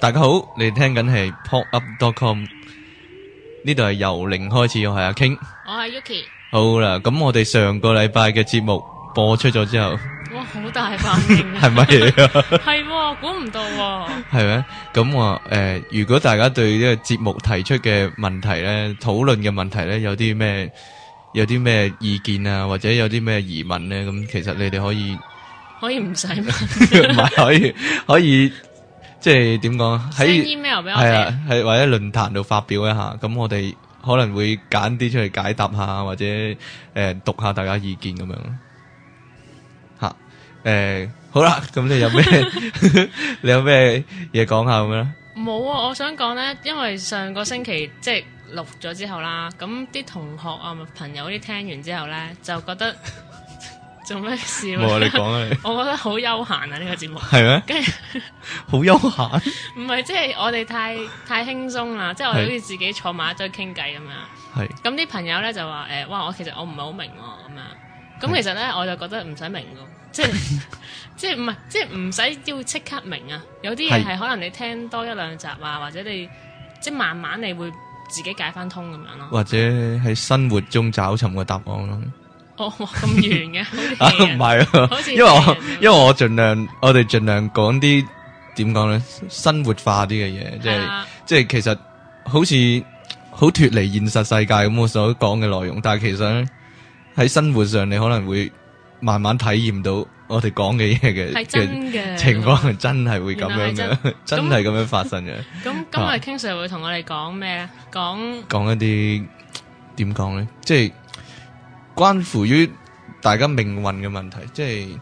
大家好，你聽緊係 popup.com，呢度係由零開始，我係阿 King，我係 Yuki。好啦，咁我哋上個禮拜嘅節目播出咗之後，哇，好大反應啊！係乜嘢啊？係，估唔到。係咩？咁我誒，如果大家對呢個節目提出嘅問題咧，討論嘅問題咧，有啲咩，有啲咩意見啊，或者有啲咩疑問咧，咁其實你哋可以，可以唔使問？唔係可以，可以。即係點講？喺 email 俾我係啊，係或者論壇度發表一下，咁我哋可能會揀啲出嚟解答下，或者誒讀下大家意見咁樣。吓誒，好啦，咁你有咩？你有咩嘢講下咁樣？冇啊！我想講咧，因為上個星期即係錄咗之後啦，咁啲同學啊、朋友啲聽完之後咧，就覺得。做咩事？我哋講啊！我覺得好悠閒啊！呢個節目係咩？跟住好悠閒。唔係，即係我哋太太輕鬆啦。即係我哋好似自己坐埋一堆傾偈咁樣。係。咁啲朋友咧就話：誒，哇！我其實我唔係好明喎。咁樣。咁 其實咧，我就覺得唔使明嘅。即係即係唔係，即係唔使要即刻明啊！有啲嘢係可能你聽多一兩集啊，或者你即係慢慢你會自己解翻通咁樣咯。 或者喺生活中找尋個答案咯。咁遠嘅，唔係、哦、啊，啊好似因為我樣因為我盡量，我哋盡量講啲點講咧，生活化啲嘅嘢，即係即係其實好似好脫離現實世界咁，我所講嘅內容，但係其實咧喺生活上，你可能會慢慢體驗到我哋講嘅嘢嘅嘅情況係真係會咁樣嘅，真係咁 樣發生嘅。咁那 今日 King Sir 會同我哋講咩咧？講講一啲點講咧？即係。就是關乎於大家命運嘅問題，即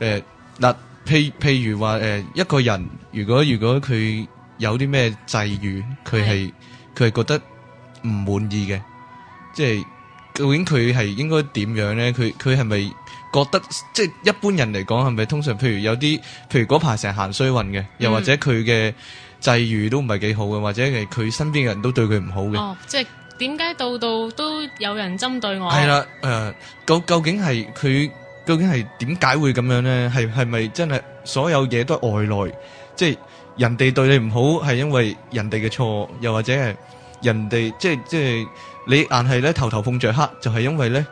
係誒嗱，譬譬如話誒，一個人如果如果佢有啲咩際遇，佢係佢係覺得唔滿意嘅，即係究竟佢係應該點樣咧？佢佢係咪覺得即係一般人嚟講係咪通常？譬如有啲譬如嗰排成日行衰運嘅，又或者佢嘅際遇都唔係幾好嘅，或者係佢身邊嘅人都對佢唔好嘅。哦，即係。點解度度都有人針對我？係啦，誒，究究竟係佢究竟係點解會咁樣咧？係係咪真係所有嘢都係外來？即係人哋對你唔好，係因為人哋嘅錯，又或者係人哋即係即係你硬係咧頭頭碰著黑，就係因為咧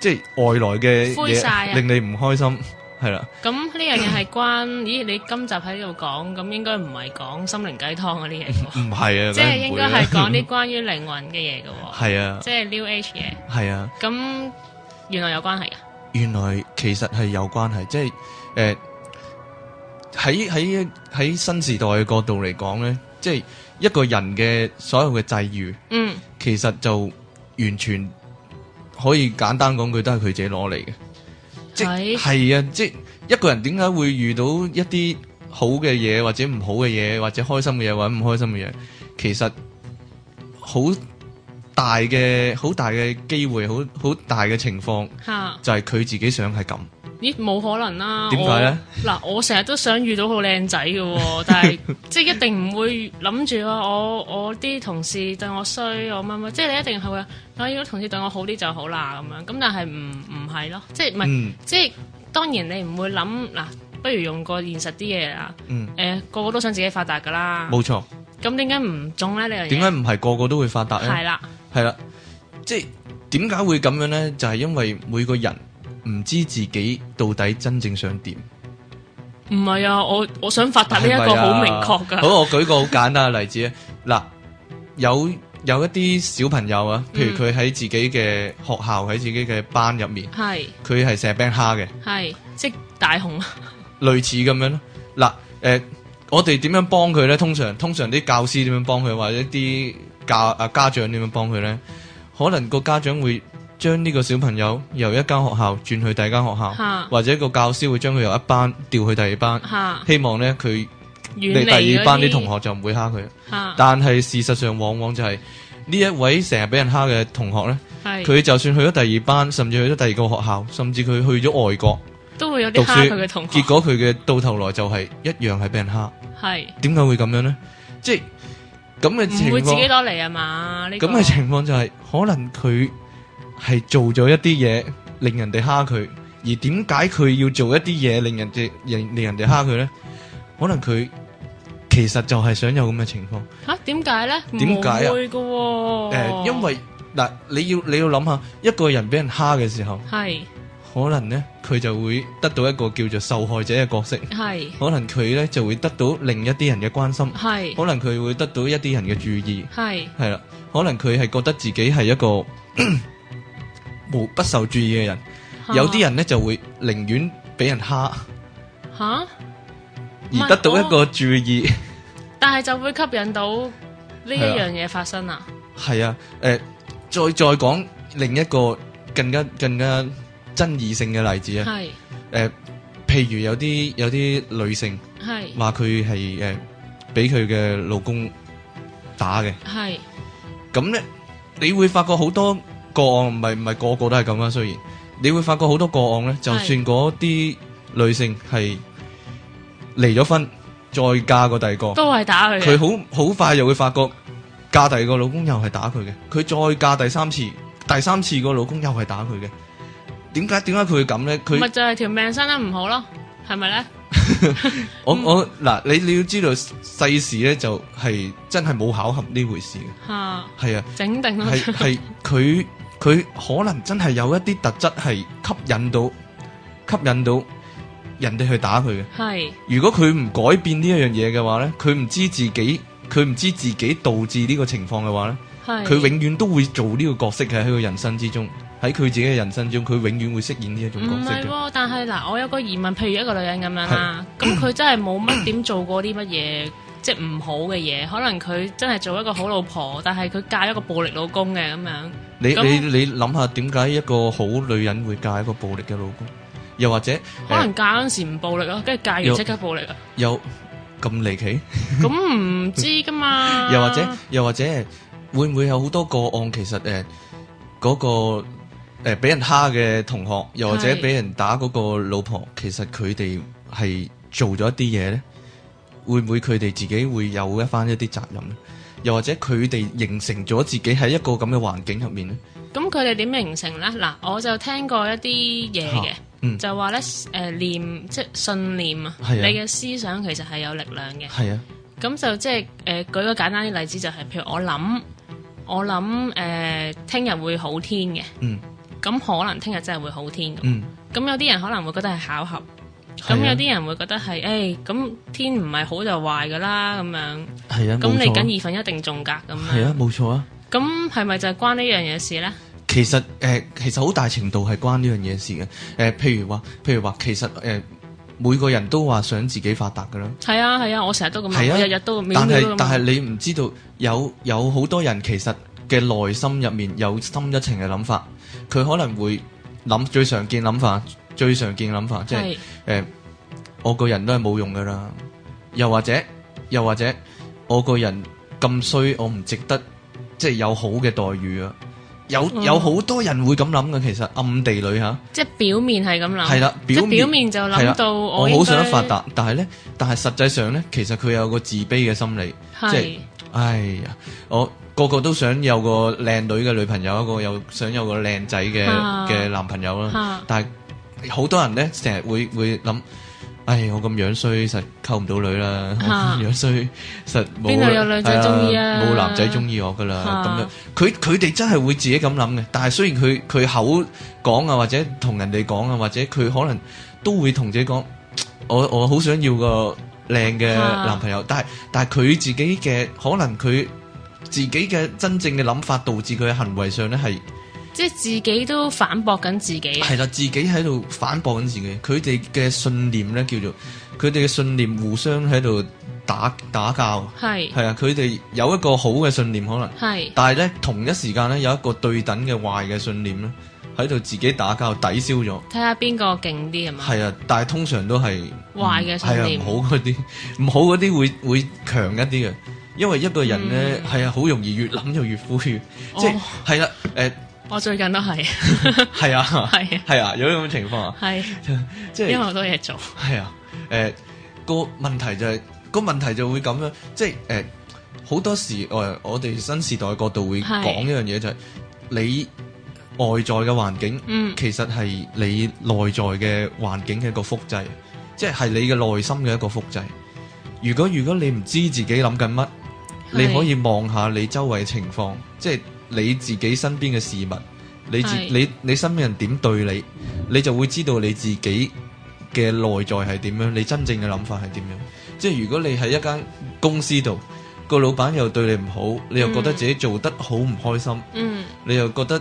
即係外來嘅嘢令你唔開心。係啦，咁呢樣嘢係關咦？你今集喺呢度講咁，應該唔係講心靈雞湯嗰啲嘢，唔係啊，即係應該係講啲關於靈魂嘅嘢嘅，係啊，即係、啊、New Age 嘢，係啊，咁原來有關係啊？原來其實係有關係，即係誒喺喺喺新時代嘅角度嚟講咧，即係一個人嘅所有嘅際遇，嗯，其實就完全可以簡單講句，都係佢自己攞嚟嘅。即係啊是！即係一個人點解會遇到一啲好嘅嘢、或者唔好嘅嘢、或者開心嘅嘢、或者唔開心嘅嘢？其實好大嘅，好大嘅機會，好好大嘅情況，的就係佢自己想係咁。咦，冇可能啦！點解咧？嗱，我成日都想遇到好靚仔嘅，但係即係一定唔會諗住啊！我我啲同事對我衰，我乜乜，即係你一定係會，啊如果同事對我好啲就好啦咁樣。咁但係唔唔係咯？即係唔係？即係當然你唔會諗嗱，不如用個現實啲嘢啦。嗯，誒，個個都想自己發達噶啦，冇錯。咁點解唔中咧？你又點解唔係個個都會發達咧？係啦，係啦，即係點解會咁樣咧？就係因為每個人。唔知自己到底真正想點？唔係啊，我我想發達呢一個好、啊、明確噶。好，我舉個好簡單嘅例子啊。嗱， 有有一啲小朋友啊，譬如佢喺自己嘅學校喺、嗯、自己嘅班入面，係佢係成日扮蝦嘅，係即大紅啊，類似咁樣咯。嗱，誒、呃，我哋點樣幫佢咧？通常通常啲教師點樣幫佢，或者啲家啊家長點樣幫佢咧？可能個家長會。將呢個小朋友由一間學校轉去第二間學校，或者個教師會將佢由一班調去第二班，希望呢佢嚟第二班啲同學就唔會蝦佢。但係事實上往往就係呢一位成日俾人蝦嘅同學呢，佢就算去咗第二班，甚至去咗第二個學校，甚至佢去咗外國，都會有啲蝦佢嘅同學。結果佢嘅到頭來就係一樣係俾人蝦。係點解會咁樣呢？即係咁嘅情況唔會自己攞嚟啊嘛？呢咁嘅情況就係可能佢。係做咗一啲嘢，令人哋蝦佢。而點解佢要做一啲嘢，令人哋人令人哋蝦佢呢？可能佢其實就係想有咁嘅情況。吓、啊，點解呢？點解啊？誒，因為嗱，你要你要諗下，一個人俾人蝦嘅時候，係是可能呢，佢就會得到一個叫做受害者嘅角色。係是可能佢呢，就會得到另一啲人嘅關心。係是可能佢會得到一啲人嘅注意。係係啦，可能佢係覺得自己係一個。 不受注意嘅人，有啲人咧就會寧願俾人蝦，吓，而得到一個注意，但係就會吸引到呢一樣嘢發生喇。係啊，誒，再再講另一個更加更加爭議性嘅例子啊。係，誒，譬如有啲有啲女性，係，話佢係誒俾佢嘅老公打嘅，係，咁咧你會發覺好多。個案唔係唔係個個都係咁啊，雖然你會發覺好多個案咧，就算嗰啲女性係離咗婚再嫁個第二個，都係打佢。佢好好快又會發覺嫁第二個老公又係打佢嘅，佢再嫁第三次，第三次個老公又係打佢嘅。點解點解佢會咁咧？佢咪就係條命生得唔好咯，係咪咧？我我嗱，你你要知道世事咧就係真係冇巧合呢回事嘅，係啊，整定係係佢。佢可能真係有一啲特質係吸引到吸引到人哋去打佢嘅。係是如果佢唔改變呢一樣嘢嘅話咧，佢唔知自己佢唔知自己導致呢個情況嘅話咧，係佢是永遠都會做呢個角色嘅喺佢人生之中，喺佢自己嘅人生中，佢永遠會飾演呢一種角色嘅。唔係，哦、但係嗱，我有個疑問，譬如一個女人咁樣啦，咁佢是真係冇乜點做過啲乜嘢，即係唔好嘅嘢，可能佢真係做一個好老婆，但係佢嫁一個暴力老公嘅咁樣。你、嗯、你你諗下點解一個好女人會嫁一個暴力嘅老公？又或者可能嫁嗰陣時唔暴力咯、啊，跟住又嫁完即刻暴力啦、啊。又咁離奇？咁唔知噶嘛 又？又或者又或者會唔會有好多個案？其實誒，嗰、呃嗰個誒俾、呃、人蝦嘅同學，又或者俾人打嗰個老婆，的其實佢哋係做咗一啲嘢咧？會唔會佢哋自己會有一番一啲責任咧？又或者佢哋形成咗自己喺一個咁嘅環境入面咧，咁佢哋點形成咧？嗱，我就聽過一啲嘢嘅，啊嗯、就話咧，誒、呃，念即係信念啊，你嘅思想其實係有力量嘅。係啊，咁就即係，誒、呃，舉個簡單啲例子就係、是，譬如我諗，我諗，誒、呃，聽日會好天嘅，咁、嗯、可能聽日真係會好天嘅。咁、嗯，咁有啲人可能會覺得係巧合。咁有啲人會覺得係，誒、啊、咁、哎、天唔係好就壞噶啦，咁樣。係啊。咁樣錯你緊二份一定中格咁啊。係啊，冇錯啊。咁係咪就係關呢樣嘢事咧？其實誒、呃，其實好大程度係關呢樣嘢事嘅。誒，譬如話，譬如話，其實誒，每個人都話想自己發達噶啦。係啊係啊，我成日都咁樣，日日、啊、都秒秒咁。但係但係你唔知道有有好多人其實嘅內心入面有深一層嘅諗法，佢可能會諗最常見諗法。最常見嘅諗法，即係誒是、欸，我個人都係冇用噶啦。又或者，又或者，我個人咁衰，我唔值得，即、就、係、是、有好嘅待遇啊。有、嗯、有好多人會咁諗噶，其實暗地裏吓。即係表面係咁諗。係啦、啊，表面，表面就諗到我好、啊、想發達，但係咧，但係實際上咧，其實佢有個自卑嘅心理。是即係，哎呀，我個個都想有個靚女嘅女朋友，一個有想有個靚仔嘅嘅男朋友啦，啊啊、但係。好多人咧，成日會會諗，哎，我咁樣衰，實溝唔到女啦，啊、我樣衰實冇，邊度有女仔中意啊？冇、啊、男仔中意我噶啦，咁、啊、樣佢佢哋真係會自己咁諗嘅。但係雖然佢佢口講啊，或者同人哋講啊，或者佢可能都會同自己講，我我好想要個靚嘅男朋友。啊、但係但係佢自己嘅可能佢自己嘅真正嘅諗法，導致佢嘅行為上咧係。即係自己都反駁緊自、啊、自，自己，係啦，自己喺度反駁緊自己。佢哋嘅信念咧叫做，佢哋嘅信念互相喺度打打交。係係啊，佢哋有一個好嘅信念可能，係是，但係咧同一時間咧有一個對等嘅壞嘅信念咧喺度自己打交抵消咗。睇下邊個勁啲係嘛？係啊，但係通常都係壞嘅信念，唔好嗰啲唔好嗰啲會會強一啲嘅。因為一個人咧係啊，好、嗯、容易越諗就越灰，哦、即係係啦，誒。呃我最近都係，係 啊，係啊，啊啊有呢種情況啊，係是，即係、就是、因為好多嘢做，係啊，誒、呃，個問題就係、是、個問題就會咁樣，即係誒，好、呃、多時誒、呃，我哋新時代角度會講是一樣嘢就係、是、你外在嘅環境，嗯、其實係你內在嘅環境嘅一個複製，嗯、即係係你嘅內心嘅一個複製。如果如果你唔知自己諗緊乜，是你可以望下你周圍嘅情況，即係。你自己身邊嘅事物，你自是你你身邊人點對你，你就會知道你自己嘅內在係點樣，你真正嘅諗法係點樣。即係如果你喺一間公司度，個老闆又對你唔好，你又覺得自己做得好唔開心，嗯，你又覺得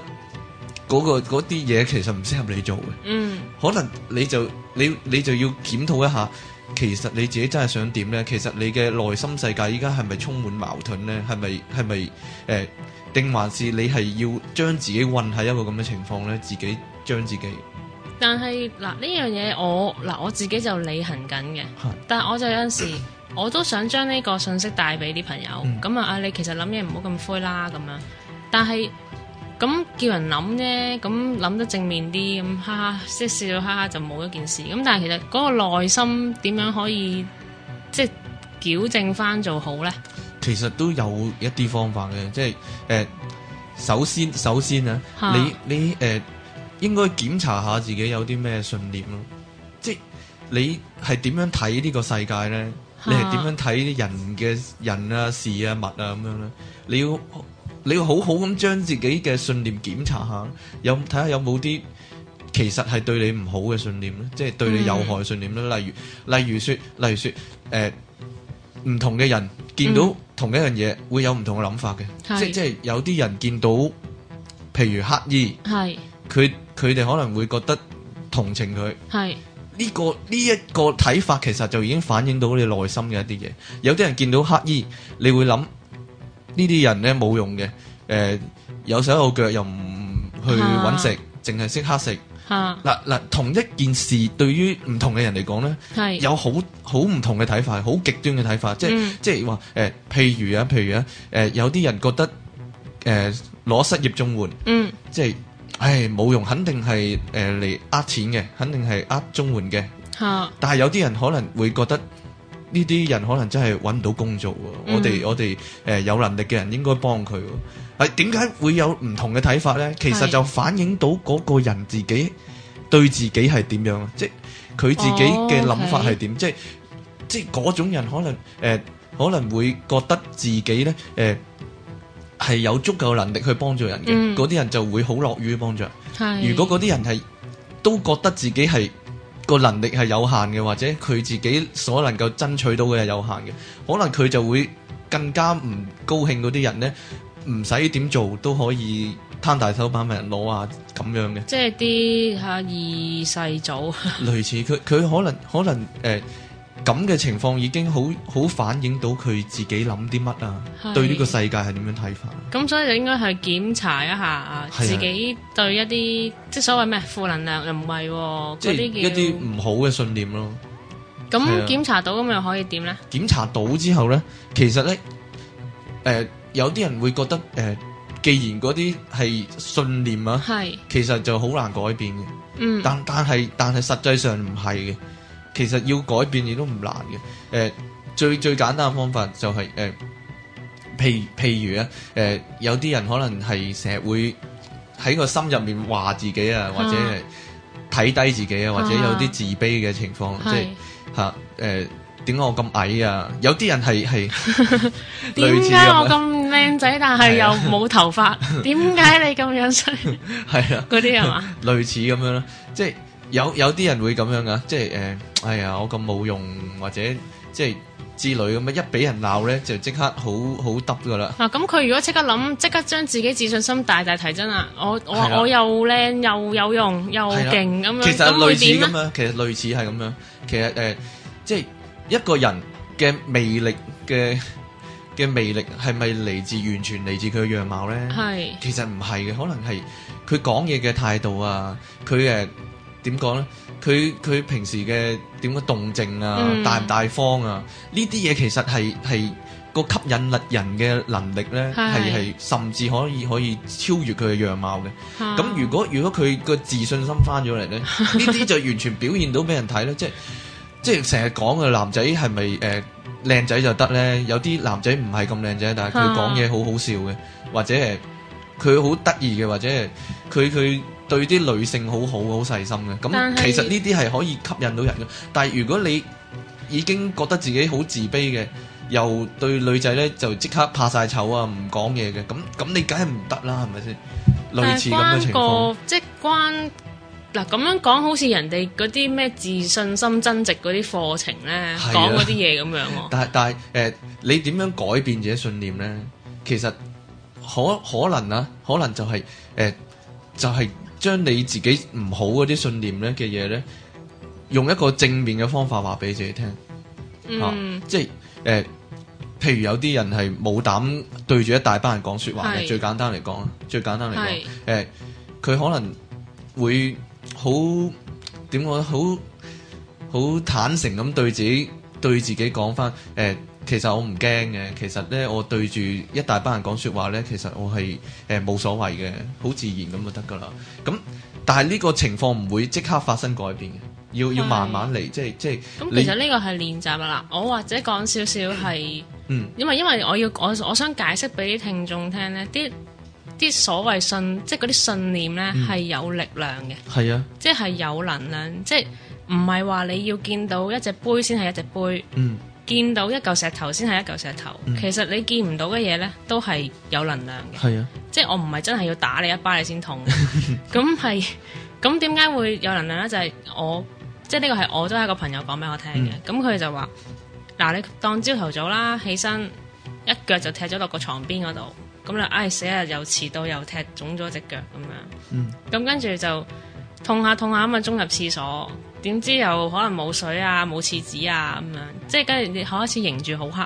嗰個嗰啲嘢其實唔適合你做嘅，嗯，可能你就你你就要檢討一下，其實你自己真係想點呢？其實你嘅內心世界依家係咪充滿矛盾呢？係咪係咪誒？是不是欸定還是你係要將自己混喺一個咁嘅情況咧，自己將自己。但係嗱呢樣嘢我嗱我自己就履行緊嘅。是的但係我就有陣時 我都想將呢個信息帶俾啲朋友。咁、嗯、啊啊你其實諗嘢唔好咁灰啦咁樣。但係咁叫人諗啫，咁諗得正面啲咁，哈哈，即係笑到哈哈就冇一件事。咁但係其實嗰個內心點樣可以即係、就是、矯正翻做好咧？其實都有一啲方法嘅，即係誒、呃，首先首先啊哈，你你誒、呃，應該檢查下自己有啲咩信念咯，即係你係點樣睇呢個世界咧？哈你係點樣睇人嘅人啊、事啊、物啊咁樣咧？你要你要好好咁將自己嘅信念檢查下，有睇下有冇啲其實係對你唔好嘅信念咧，嗯、即係對你有害信念咧。例如例如說例如說誒，唔同嘅人見到、嗯。同一樣嘢會有唔同嘅諗法嘅，是即即係有啲人見到，譬如乞衣，佢佢哋可能會覺得同情佢。係呢是、個呢一、個睇法，其實就已經反映到你內心嘅一啲嘢。有啲人見到乞衣，你會諗呢啲人咧冇用嘅，誒、呃、有手有腳又唔去揾食，淨係識乞食。嗱嗱，哈同一件事對於唔同嘅人嚟講咧，是有好好唔同嘅睇法，好極端嘅睇法，嗯、即係即係話誒，譬如啊，譬如啊，誒、呃、有啲人覺得誒攞、呃、失業中援，嗯、即係唉冇用，肯定係誒嚟呃錢嘅，肯定係呃綜援嘅。哈但係有啲人可能會覺得。呢啲人可能真係揾唔到工作，嗯、我哋我哋誒、呃、有能力嘅人應該幫佢。係點解會有唔同嘅睇法呢？是其實就反映到嗰個人自己對自己係點樣，即佢自己嘅諗法係點、哦 okay，即係即係嗰種人可能誒、呃、可能會覺得自己呢誒係有足夠能力去幫助人嘅，嗰啲、嗯、人就會好樂於幫助。是如果嗰啲人係都覺得自己係。個能力係有限嘅，或者佢自己所能夠爭取到嘅係有限嘅，可能佢就會更加唔高興嗰啲人呢，唔使點做都可以攤大手板問人攞啊咁樣嘅，即係啲嚇二世祖，類似佢佢可能可能誒。咁嘅情況已經好好反映到佢自己諗啲乜啊？是對呢個世界係點樣睇法？咁所以就應該去檢查一下自己對一啲，啊，即係所謂咩負能量又唔係，即係一啲唔好嘅信念咯。咁檢那，啊，查到咁又可以點咧？檢查到之後咧，其實咧，誒，呃，有啲人會覺得誒，呃，既然嗰啲係信念啊，係是，其實就好難改變嘅。嗯，但但係但係實際上唔係嘅。其實要改變亦都唔難嘅。誒、欸，最最簡單嘅方法就係、是、誒、欸，譬譬如啊，誒、欸，有啲人可能係成日會喺個心入面話自己啊，或者係睇低自己啊，或者有啲自卑嘅情況，啊、即係吓，誒是，點解、啊、我咁矮啊？有啲人係係，點解 我咁靚仔但係又冇頭髮？點解你咁樣衰？係啊，嗰啲係嘛？啊、 類似咁樣咯，即係。有有啲人會咁樣噶，即係誒，哎呀，我咁冇用或者即係之類咁，一俾人鬧咧，就即刻好好得噶啦。嗱，咁佢、啊、如果即刻諗，即刻將自己自信心大大提升啊！我我的我又靚，又有用，又勁咁的樣，咁會點咧？其實類似咁樣似，其實類似係咁樣，嗯、其實誒、呃，即係一個人嘅魅力嘅嘅魅力係咪嚟自，完全嚟自佢嘅樣貌咧？係是，其實唔係嘅，可能係佢講嘢嘅態度啊，佢誒。呃點講呢？佢佢平時嘅點樣動靜啊，嗯、大唔大方啊？呢啲嘢其實係係個吸引力人嘅能力呢，係係是是 甚至可以可以超越佢嘅樣貌嘅。咁是的 如果如果佢個自信心翻咗嚟呢，呢啲是的 就完全表現到俾人睇啦。 即係即係成日講嘅男仔係咪誒靚仔就得呢？有啲男仔唔係咁靚仔，但係佢講嘢好好笑嘅是的，或者係佢好得意嘅，或者係佢佢。對啲女性好好好細心嘅，咁其實呢啲係可以吸引到人嘅。但係是如果你已經覺得自己好自卑嘅，又對女仔呢就即刻怕晒醜啊，唔講嘢嘅，咁咁你梗係唔得啦，係咪先？類似咁嘅情況，即關嗱咁樣講，好似人哋嗰啲咩自信心增值嗰啲課程呢，講嗰啲嘢咁樣。但係但係誒、呃，你點樣改變自己信念呢？其實可可能啊，可能就係、是、誒、呃，就係、是。將你自己唔好嗰啲信念咧嘅嘢咧，用一個正面嘅方法話俾自己聽、嗯啊，即係誒、欸，譬如有啲人係冇膽對住一大班人講說話嘅是，最簡單嚟講啦，最簡單嚟講，誒、欸，佢可能會好，點講，好好坦誠咁對自己對自己講翻誒。欸其實我唔驚嘅，其實咧，我對住一大班人講説話咧，其實我係誒冇所謂嘅，好自然咁就得噶啦。咁但係呢個情況唔會即刻發生改變嘅，要要慢慢嚟的，即係即係。咁那麼 你其實呢個係練習啦，我或者講少少係嗯，因為因為我要我我想解釋俾啲聽眾聽咧，啲啲所謂信即係嗰啲信念咧係有力量嘅，係啊、嗯，係即係有能量，即係唔係話你要見到一隻杯先係一隻杯嗯。見到一嚿石頭先係一嚿石頭，嗯、其實你見唔到嘅嘢呢，都係有能量嘅。係啊，即係我唔係真係要打你一巴你先痛，咁係咁點解會有能量呢？就係、是、我即係呢個係我都係一個朋友講俾我聽嘅。咁佢、嗯、就話：嗱、啊，你當朝頭早啦，起身一腳就踢咗落個床邊嗰度，咁你唉、哎、死啊！又遲到又踢腫咗隻腳咁樣。嗯，咁跟住就痛下痛下咁啊，衝入廁所。點知又可能冇水啊，冇廁紙啊，咁樣，即係跟住你開始迎住好黑，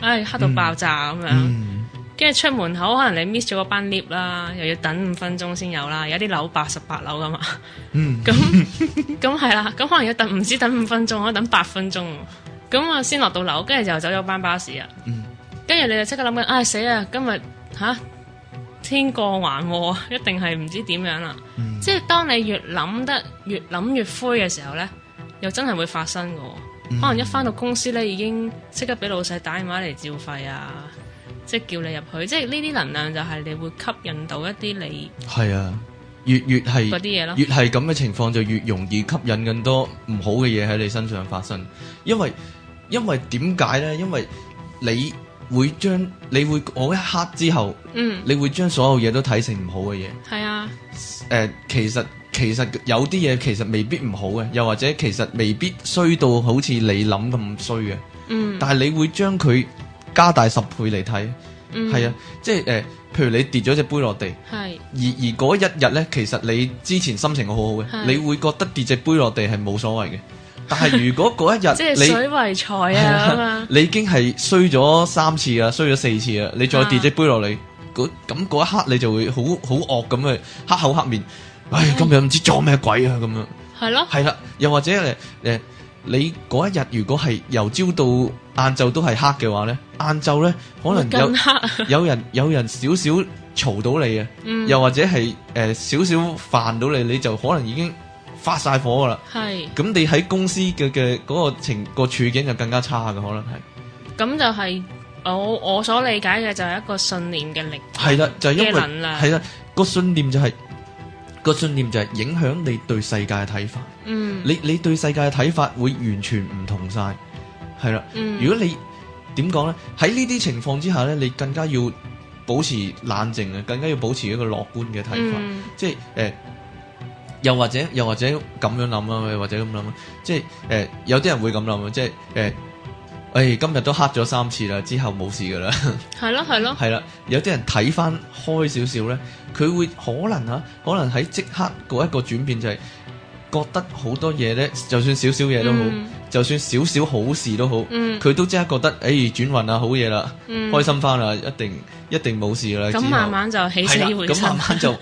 唉、哎，黑到爆炸咁樣，跟住、嗯嗯、出門口可能你 miss 咗個班 lift 啦，又要等五分鐘先有啦，有啲樓八十八樓噶嘛，咁咁係啦，咁樣 可能要等唔止等五分鐘，可能等八分鐘，咁啊先落到樓，跟住就走咗班巴士啊，跟住、嗯、你就即刻諗緊，唉、哎、死啊，今日吓！天過還喎，一定係唔知點樣啦。即係當你越諗得越諗越灰嘅時候咧，又真係會發生嘅。可能一翻到公司咧，已經即刻俾老細打電話嚟照肺啊，即係叫你入去。即係呢啲能量就係你會吸引到一啲你係啊，越越係嗰啲嘢咯，越係咁嘅情況就越容易吸引更多唔好嘅嘢喺你身上發生。因為因為點解咧？因為你。會將你會嗰一刻之後，嗯、你會將所有嘢都睇成唔好嘅嘢。係啊，誒、呃，其實其實有啲嘢其實未必唔好嘅，又或者其實未必衰到好似你諗咁衰嘅。嗯。但係你會將佢加大十倍嚟睇。嗯。係啊，即係誒、呃，譬如你跌咗隻杯落地。係是。而而嗰一日咧，其實你之前心情好好嘅，是你會覺得跌隻杯落地係冇所謂嘅。 但係如果嗰一日，即係水為財啊嘛，你已經係衰咗三次啊，衰咗四次啊，你再跌隻杯落嚟，嗰咁嗰一刻你就會好好惡咁啊，黑口黑面，的唉，今日唔知撞咩鬼啊咁樣，係咯的，係啦，又或者誒誒、呃，你嗰一日如果係由朝到晏晝都係黑嘅話咧，晏晝咧可能有黑有人有人少少嘈到你啊，嗯、又或者係誒、呃、少少煩到你，你就可能已經。發晒火㗎啦，係咁是你喺公司嘅嘅嗰個情個處境就更加差㗎。可能係。咁就係、是、我我所理解嘅就係一個信念嘅力係啦，就是、因能量。係啦個信念就係、是、個信念就係影響你對世界嘅睇法。嗯，你你對世界嘅睇法會完全唔同晒，係啦。嗯、如果你點講咧？喺呢啲情況之下咧，你更加要保持冷靜啊，更加要保持一個樂觀嘅睇法。嗯、即係誒。欸又或者又或者咁樣諗啊，或者咁諗啊，即係誒、欸，有啲人會咁諗啊，即係誒，誒、欸，今日都黑咗三次啦，之後冇事噶啦，係咯係咯，係啦，有啲人睇翻開少少咧，佢會可能啊，可能喺即刻嗰一個轉變就係覺得好多嘢咧，就算少少嘢都好，嗯、就算少少好事都好，佢、嗯、都即刻覺得誒，轉運啊，好嘢啦，嗯、開心翻啦，一定一定冇事啦，咁、嗯、慢慢就起死回生，咁慢慢就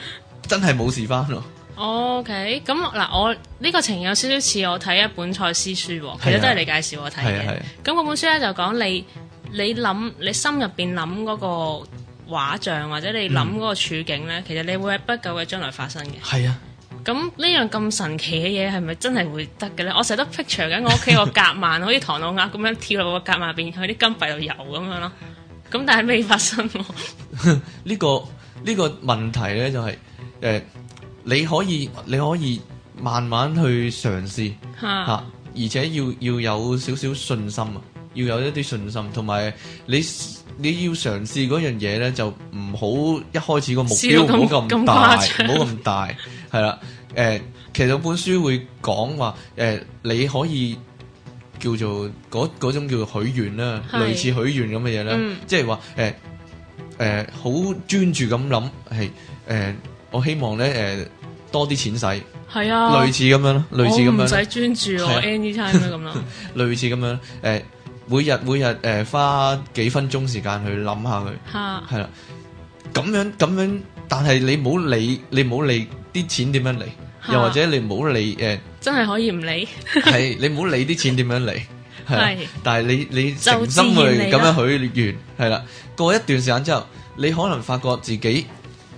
真係冇事翻咯。 O K，咁嗱，我呢、這個情有少少似我睇一本賽斯書，其實都係你介紹我睇嘅。咁嗰、啊啊啊、本書咧就講你，你諗你心入面諗嗰個畫像，或者你諗嗰個處境咧，嗯、其實你會喺不久嘅將來發生嘅。係啊，咁呢樣咁神奇嘅嘢係咪真係會得嘅咧？我成日都 picture 緊我屋企個夾萬， 好似唐老鴨咁樣跳落個夾萬入邊喺啲金幣度游咁樣咯。咁但係未發生喎。呢、 這個呢、這個問題咧就係、是呃你可以你可以慢慢去嘗試嚇，哈而且要要有少少信心啊，要有一啲信心，同埋你你要嘗試嗰樣嘢咧，就唔好一開始個目標唔好咁大，唔好咁大，係啦。誒、欸，其實本書會講話誒，你可以叫做嗰種叫做許願啦，的類似許願咁嘅嘢啦，即係話誒誒，好、欸欸、專注咁諗係誒。我希望咧，誒，多啲錢使，係啊，類似咁樣咯，類似咁樣，唔使專注我 anytime 咁咯，類似咁樣，誒，每日每日，誒，花幾分鐘時間去諗下佢，係啦，咁樣咁樣，但係你唔好理，你唔好理啲錢點樣嚟，又或者你唔好理，誒，真係可以唔理，係，你唔好理啲錢點樣嚟，係，但係你你誠心去咁樣去完，係啦，過一段時間之後，你可能發覺自己。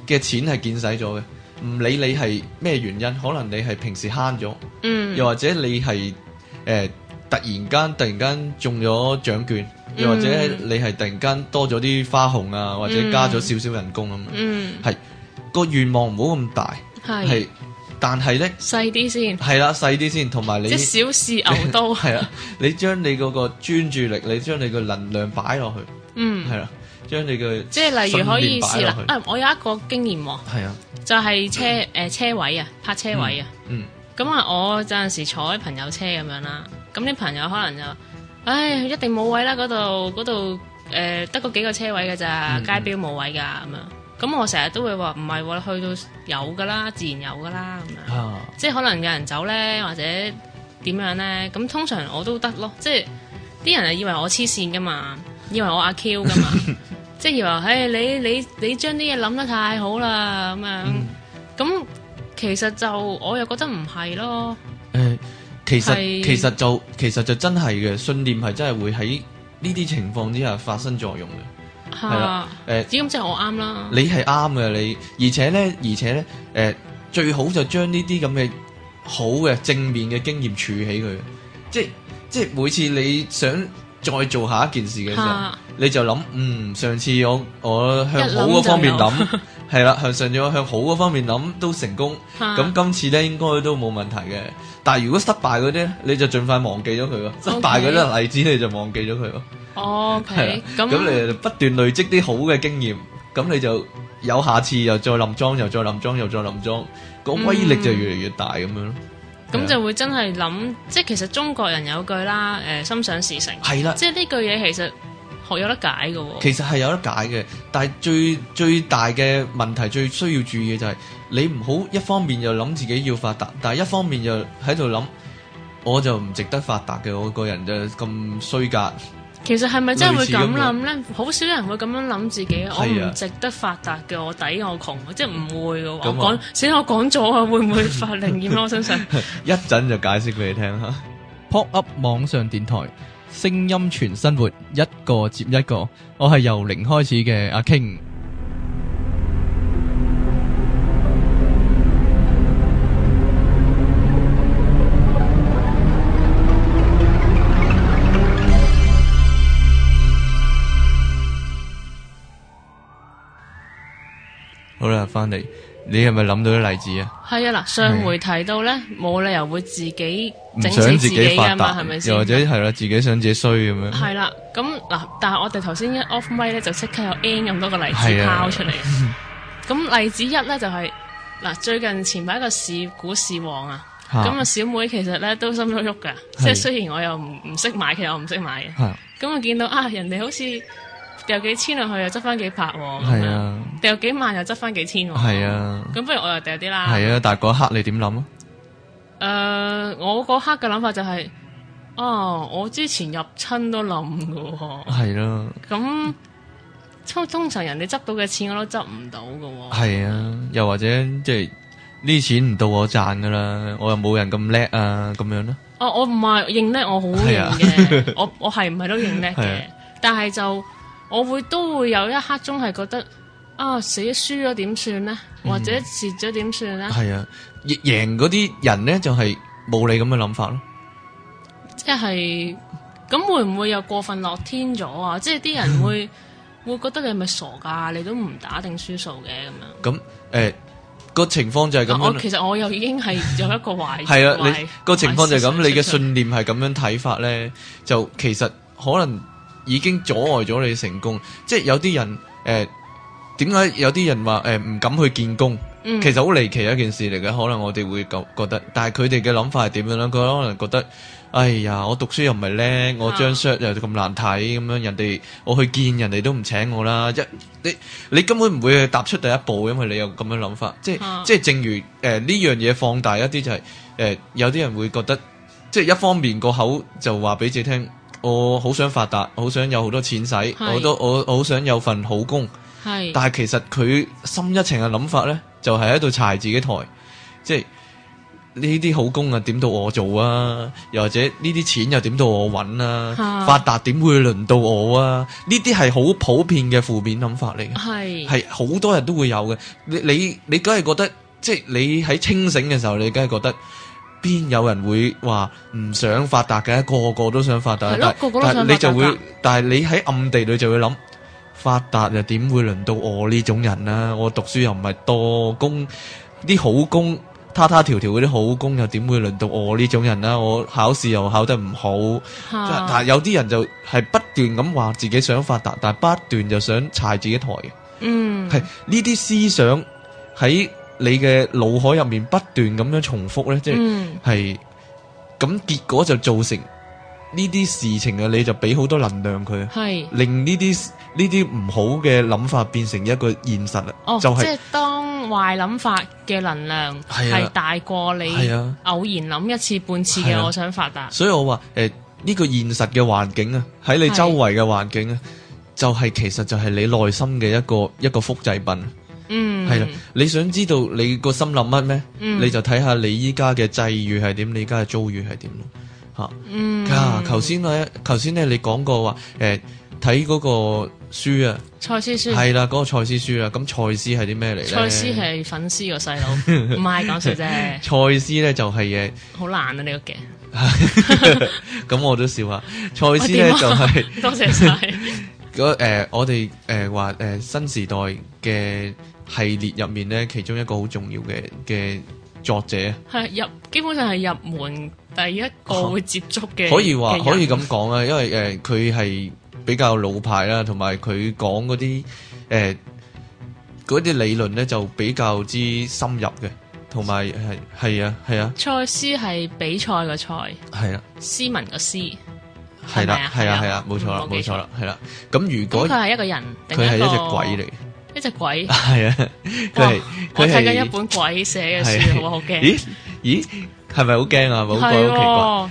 嘅錢係見使咗嘅，唔理你係咩原因，可能你係平時慳咗，嗯、又或者你係誒、呃、突然間突然間中咗獎券，嗯、又或者你係突然間多咗啲花紅啊，或者加咗少少人工咁啊，係、嗯嗯係個願望唔好咁大，係是，但係呢，細啲先，係啦細啲先，同埋你小試牛刀係啦， 你將你嗰個專注力，你將你個能量擺落去，嗯，係啦。將你嘅即係例如可以試啦，誒、啊，我有一個經驗喎，啊，係啊就係車誒、嗯呃、車位啊，泊車位啊，嗯，咁、嗯、啊，咁我陣時坐喺朋友車咁樣啦，咁啲朋友可能就，唉，一定冇位啦、啊，嗰度嗰度誒得嗰幾個車位噶咋，嗯、街邊冇位噶，咁、嗯、樣，咁我成日都會話唔係喎，去到有噶啦，自然有噶啦，咁樣、啊，即係可能有人走咧，或者點樣咧，咁通常我都得咯，即係啲人係以為我黐線噶嘛，以為我阿 Q 噶嘛。 即係話，唉，你你你將啲嘢諗得太好啦，咁樣，咁、嗯、其實就我又覺得唔係咯。誒、呃，其實是其實就其實就真係嘅，信念係真係會喺呢啲情況之下發生作用嘅。係哈、呃、啦，誒，咁即係我啱啦。你係啱嘅，你而且咧，而且咧，誒、呃，最好就將呢啲咁嘅好嘅正面嘅經驗儲起佢，即係即係每次你想。再做下一件事嘅時候，哈你就諗，嗯，上次我我向好嗰方面諗，係啦， 向上咗向好嗰方面諗都成功，咁今哈次咧應該都冇問題嘅。但係如果失敗嗰啲你就盡快忘記咗佢咯，Okay. 失敗嗰啲例子你就忘記咗佢咯。哦，OK，咁，咁你不斷累積啲好嘅經驗，咁、嗯、你就有下次又再冧莊，又再冧莊，又再冧莊，個威力就越嚟越大咁樣。嗯咁就會真係諗，即係、嗯、其實中國人有句啦，心想事成，係啦了，即係呢句嘢其實學有得解嘅喎。其實係有得解嘅，但係最最大嘅問題，最需要注意嘅就係、是、你唔好一方面又諗自己要發達，但係一方面又喺度諗我就唔值得發達嘅，我個人就咁衰格。其實係咪真係會咁諗咧？好少人會咁樣諗自己，我唔值得發達嘅，我抵我窮，即係唔會嘅。嗯、我講說，死、啊、我講咗，會唔會發靈驗 我相信 一陣就解釋俾你聽，Pop Up 網上電台，聲音全生活，一個接一個。我係由零開始嘅阿 King。好啦，翻嚟，你係咪諗到啲例子啊？係啊，嗱，上回提到咧，冇的理由會自己整死自己嘛，唔想自己發達，又或者係咯，自己想自己衰咁樣。係啦，咁嗱，但係我哋頭先一 off mic 咧，就即刻有 n 咁多個例子拋出嚟。咁例子一咧就係、是、嗱，最近前排一個市股市旺啊，咁啊的小妹其實咧都心喐喐噶，即係的雖然我又唔唔識買，其實我唔識買嘅。咁啊的，見到啊，人哋好似。掉幾千落去又執翻幾百喎，係啊，掉幾萬又執翻幾千喎，係啊。咁不如我又掉啲啦，係啊。但係嗰一刻你點諗啊？誒，我嗰刻嘅諗法就係，啊，我之前入親都諗噶，係咯。咁，通通常人哋執到嘅錢我都執唔到噶，係啊。又或者即係呢錢唔到我賺噶啦，我又冇人咁叻啊，咁樣咧。哦，我唔係認叻，我好認嘅。我我係唔係都認叻嘅？但係就。我會都會有一刻鐘係覺得啊，死輸咗點算呢、嗯、或者蝕咗點算呢係啊，贏嗰啲人呢就係冇你咁嘅諗法咯。即係咁會唔會又過分樂天咗啊？ 即係啲人會會覺得你係咪傻噶？你都唔打定輸數嘅咁樣。咁誒個情況就係咁樣。我其實我又已經係有一個懷疑。係 啊，你個情況就係咁，乖乖乖乖你嘅信念係咁樣睇法呢就其實可能。已經阻礙咗你成功，即係有啲人誒點解有啲人話誒唔敢去見工？嗯、其實好離奇一件事嚟嘅，可能我哋會覺得，但係佢哋嘅諗法係點樣咧？佢可能覺得，哎呀，我讀書又唔係叻，我張 shirt 又咁難睇，咁樣人哋我去見人哋都唔請我啦，一你你根本唔會去踏出第一步，因為你有咁樣諗法，即係、嗯、即係正如誒呢樣嘢放大一啲就係、是、誒、呃、有啲人會覺得，即係一方面個口就話俾自己聽。我好想發達，好想有好多錢使是，我都我好想有份好工，是但係其實佢深一層嘅諗法咧，就係喺度柴自己台，即係呢啲好工啊，點到我做啊？又或者呢啲錢又點到我揾啊？啊發達點會輪到我啊？呢啲係好普遍嘅負面諗法嚟嘅，係係好多人都會有嘅。你你你梗係覺得，即係你喺清醒嘅時候，你梗係覺得。邊有人會話唔想發達嘅？個，個個都想發達，的但係你就會，但係你喺暗地裏就會諗：發達又點會輪到我呢種人呢？我讀書又唔係多工，啲好工，他他條條嗰啲好工又點會輪到我呢種人呢？我考試又考得唔好，啊、但係有啲人就係不斷咁話自己想發達，但係不斷就想踩自己台嘅。嗯，係呢啲思想喺。你嘅腦海入面不斷咁樣重複呢，即係咁結果就造成呢啲事情啊，你就俾好多能量佢，是令呢啲呢啲唔好嘅諗法變成一個現實、哦就係、即係當壞諗法嘅能量係大過你偶然諗一次半次嘅，我想發達、啊啊。所以我話誒呢個現實嘅環境啊，喺你周圍嘅環境啊是就係、是、其實就係你內心嘅一個一個複製品。嗯，係啦，你想知道你個心諗乜咩？你就睇下，你依家嘅際遇係點，你依家嘅遭遇係點咯吓。嗯，啊，頭先咧，頭先咧，你講過話誒，睇嗰個書啊，賽斯書係啦，嗰個賽斯書啊，咁賽斯係啲咩嚟咧？賽斯係粉絲個細佬，唔係講笑啫。賽斯咧就係嘢，好難啊呢個嘅，咁我都笑下，賽斯咧就係多謝晒。誒，我哋誒話誒新時代嘅。系列入面咧，其中一個好重要嘅嘅作者係入，基本上係入門第一個會接觸嘅。可以話可以咁講啊，因為誒佢係比較老派啦，同埋佢講嗰啲誒啲理論咧就比較之深入嘅，同埋係係啊係啊。賽斯係比賽個賽，係啊，斯文個斯，係啦係啊係啊，冇錯啦冇錯啦，係啦。咁如果佢係一個人，佢係一隻鬼嚟嘅。一隻鬼係啊！佢係佢睇緊一本鬼寫嘅書，好驚。咦咦，係咪好驚啊？係咪好怪，哦，好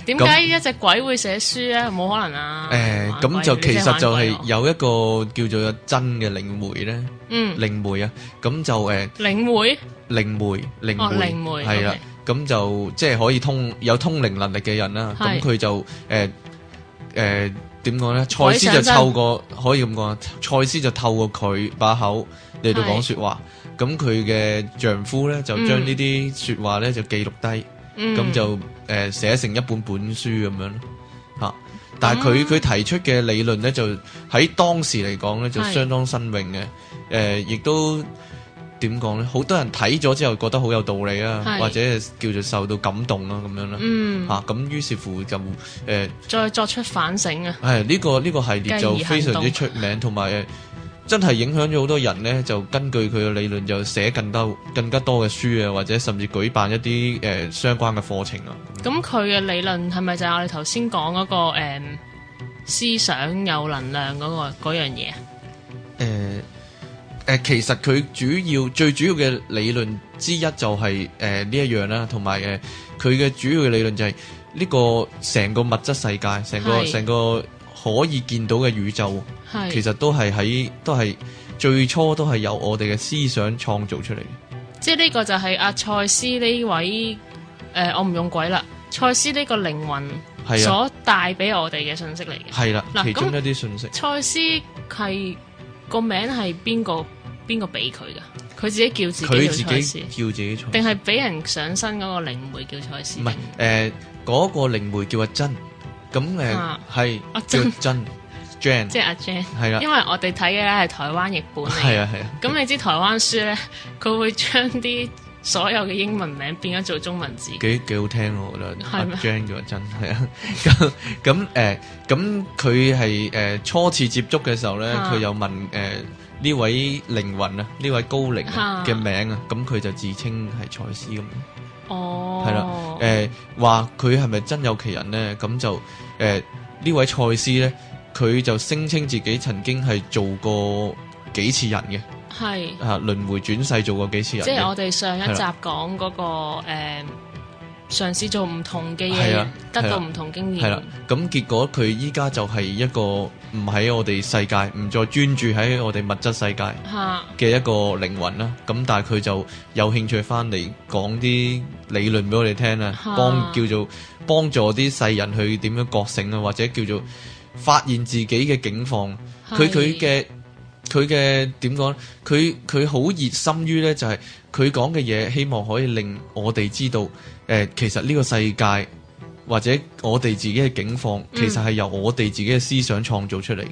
奇怪，點解一隻鬼會寫書咧？冇可能啊！誒，咁就其實就係有一個叫做真嘅靈媒咧。嗯，靈媒啊，咁就誒，靈媒，靈媒，靈媒係啦。咁就即係可以通有通靈能力嘅人啦。咁佢就誒，誒。點講呢？賽斯就透過他可以咁講，賽斯就透過佢把口嚟到講說話，咁佢嘅丈夫呢，就將呢啲說話呢，嗯、就記錄低，咁、嗯、就誒寫、呃、成一本本書咁樣咯吓。但係佢佢提出嘅理論呢，就喺當時嚟講呢，就相當新穎嘅，誒亦是、呃、都。點講呢？好多人睇咗之後覺得好有道理啊，是或者叫做受到感動啦、啊，咁樣啦、啊。嗯。吓咁、啊，於是乎就誒，呃、再作出反省啊。係呢、這個呢、這個系列就非常之出名，同埋真係影響咗好多人呢。就根據佢嘅理論，就寫更加更加多嘅書啊，或者甚至舉辦一啲誒、呃、相關嘅課程啊。咁佢嘅理論係咪就係我哋頭先講嗰個誒、呃、思想有能量嗰、那個嗰樣嘢啊？誒、呃。誒，其實佢主要最主要嘅理論之一就係誒呢一樣啦，同埋誒佢嘅主要嘅理論就係、是、呢、這個成個物質世界，成個成是個可以見到嘅宇宙，是其實都係喺都係最初都係由我哋嘅思想創造出嚟。即係呢個就係阿賽斯呢位誒、呃，我唔用鬼啦，賽斯呢個靈魂所帶俾我哋嘅信息嚟嘅。係啦、啊，嗱、啊，其中一啲信息。賽斯係個名係邊個？邊個俾佢噶？佢自己叫自己賽斯，叫自己賽，定係俾人上身嗰個靈媒叫賽斯？唔係誒，嗰個靈媒叫阿珍，咁誒係阿珍珍，即係阿珍係啦。因為我哋睇嘅咧係台灣譯本，係啊係啊。咁你知台灣書咧，佢會將啲所有嘅英文名變咗做中文字，幾幾好聽咯，我覺得。係咩？阿珍叫阿珍係啊。咁咁誒，咁佢係誒初次接觸嘅時候咧，佢又問誒。呢位靈魂啊，呢位高靈嘅名啊，咁佢就自稱係賽斯咁樣，係啦，誒話佢係咪真有其人咧？咁就誒呢位賽斯咧，佢就聲稱自己曾經係做過幾次人嘅，係啊，輪迴轉世做過幾次人，即係我哋上一集講嗰個誒。嘗試做唔同嘅嘢，啊啊、得到唔同經驗係啦。咁、啊啊、結果佢依家就係一個唔喺我哋世界，唔再專注喺我哋物質世界嘅一個靈魂啦。咁、啊、但係佢就有興趣翻嚟講啲理論俾我哋聽啦，幫、啊、叫做幫助啲世人去點樣覺醒啊，或者叫做發現自己嘅境況。佢佢嘅佢嘅點講？佢佢好熱心於呢，就係佢講嘅嘢，希望可以令我哋知道。誒，其實呢個世界或者我哋自己嘅境況，其實係由我哋自己嘅思想創造出嚟嘅。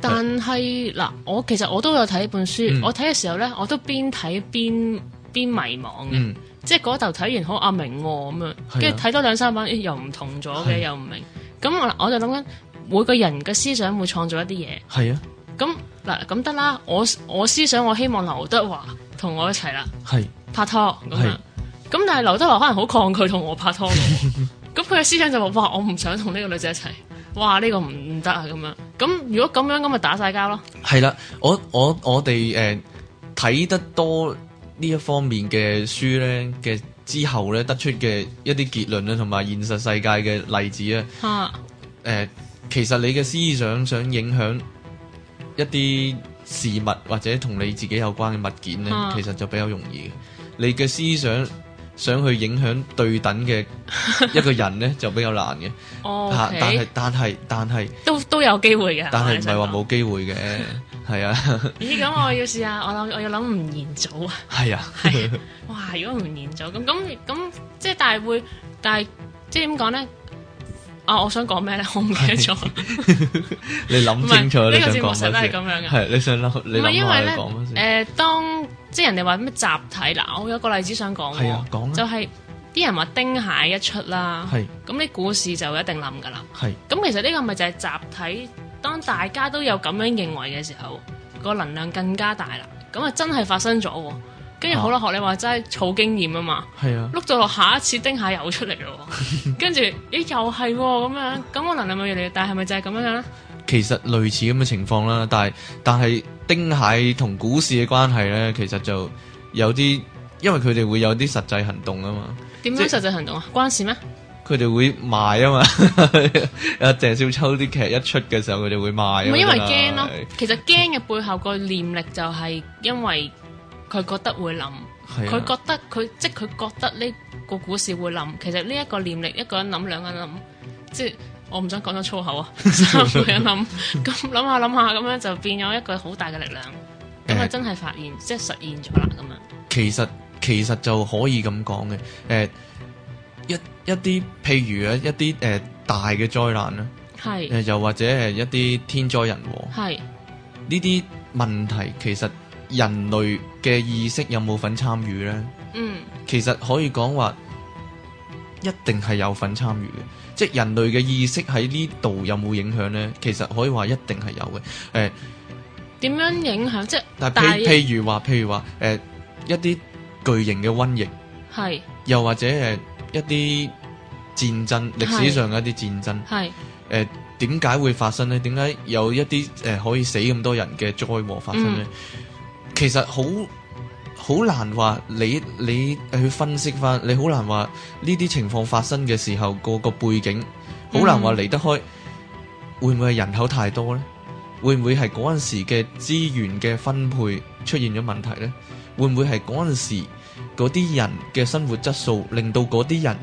但係嗱，我其實我都有睇本書，嗯、我睇嘅時候咧，我都邊睇邊邊迷惘嘅，嗯、即係嗰頭睇完好阿明咁樣，跟住睇多兩三版，又唔同咗嘅，啊、又唔明。咁我、啊、我就諗緊，每個人嘅思想會創造一啲嘢。係啊，咁嗱，咁得啦，我我思想我希望劉德華同我一齊啦，係是拍拖咁樣。咁但係劉德華可能好抗拒同我拍拖嘅，咁佢嘅思想就話：哇，我唔想同呢個女仔一齊，哇，呢個唔得啊！咁樣，咁如果咁樣就，咁咪打晒交咯。係啦，我我我哋誒睇得多呢一方面嘅書咧嘅之後咧，得出嘅一啲結論啊，同埋現實世界嘅例子啊，誒哈、呃，其實你嘅思想想影響一啲事物或者同你自己有關嘅物件咧，哈 其實就比較容易嘅，你嘅思想。想去影響對等嘅一個人咧， 就比較難嘅。嚇 Okay,、啊！但係但係但係都都有機會嘅。但係唔係話冇機會嘅，係 啊。咦！咁我要試下，我諗我要諗吳彥祖啊。係啊。係。哇！如果吳彥祖咁咁咁，即係但係會，但係即係點講咧？即係啊！我想講咩咧？我唔記得咗。你諗清楚想講咩？呢個節目成日都係咁樣嘅。係你想諗，你唔係因為咧，誒、呃，當即係人哋話咩集體嗱，我有個例子想講。係啊，講。就係啲人話丁蟹一出啦，咁啲是股市就會一定冧噶啦。係是。咁其實呢個咪就係集體，當大家都有咁樣認為嘅時候，個能量更加大啦。咁啊，真係發生咗。跟住好啦，學、啊、你話齋，儲經驗啊嘛，係啊，碌咗落下一次丁蟹又出嚟咯。跟住咦，又係咁、哦、樣，咁個能力咪越嚟越大，係咪就係咁樣樣咧？其實類似咁嘅情況啦，但係但係丁蟹同股市嘅關係咧，其實就有啲因為佢哋會有啲實際行動啊嘛。點樣實際行動啊？即關事咩？佢哋會賣啊嘛。阿鄭 少秋啲劇一出嘅時候，佢哋會賣、啊。唔係因為驚咯、啊，其實驚嘅背後個念力就係因為。佢覺得會諗，佢、啊、覺得佢即係佢覺得呢個股市會諗。其實呢一個念力，一個人諗，兩個人諗，即係我唔想講個粗口啊，三 個人諗，咁諗下諗下咁樣就變咗一個好大嘅力量。咁啊、呃，真係發現即係實現咗啦咁啊。呃、樣其實其實就可以咁講嘅，誒、呃、一一啲譬如啊一啲誒、呃、大嘅災難啦，係是又或者係一啲天災人禍，係呢啲問題其實。人類嘅意識有冇份參與呢？嗯，其實可以講話，一定係有份參與嘅。即係人類嘅意識喺呢度有冇影響呢？其實可以話一定係有嘅。誒，點樣影響？即係，但係譬如話，譬如話，誒一啲巨型嘅瘟疫，係又或者係一啲戰爭，歷史上嘅一啲戰爭，係誒點解會發生呢？點解有一啲誒可以死咁多人嘅災禍發生呢？其實好好難話，你你去分析翻，你好難話呢啲情況發生嘅時候個個背景，好、嗯、難話離得開，會唔會係人口太多咧？會唔會係嗰陣時嘅資源嘅分配出現咗問題咧？會唔會係嗰陣時嗰啲人嘅生活質素令到嗰啲人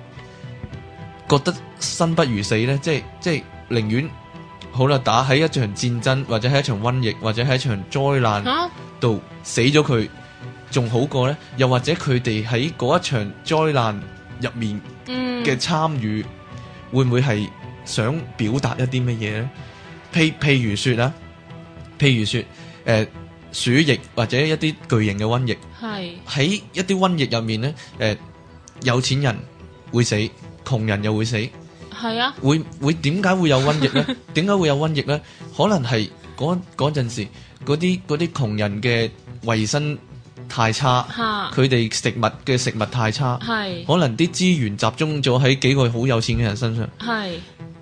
覺得生不如死咧？即係即係寧願。好啦，打喺一場戰爭，或者喺一場瘟疫，或者喺一場災難度、啊、死咗佢，仲好過呢？又或者佢哋喺嗰一場災難入面嘅參與，嗯、會唔會係想表達一啲乜嘢呢？譬譬如說啊，譬如說，如說呃、鼠疫或者一啲巨型嘅瘟疫，喺是一啲瘟疫入面呢、呃，有錢人會死，窮人又會死。係啊，會會點解會有瘟疫呢？點解 會有瘟疫呢？可能係嗰嗰陣時嗰啲嗰啲窮人嘅衛生太差，佢哋 食物嘅食物太差， 可能啲資源集中咗喺幾個好有錢嘅人身上，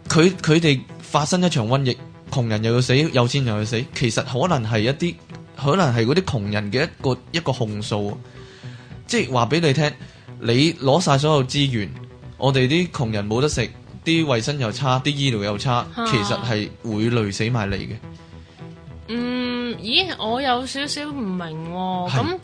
佢佢哋發生一場瘟疫，窮人又要死，有錢人又要死。其實可能係一啲，可能係嗰啲窮人嘅一個一個控訴，即係話俾你聽，你攞晒所有資源，我哋啲窮人冇得食。啲衛生又差，啲醫療又差，啊、其實係會累死埋你嘅。嗯，咦，我有少少唔明喎、哦。咁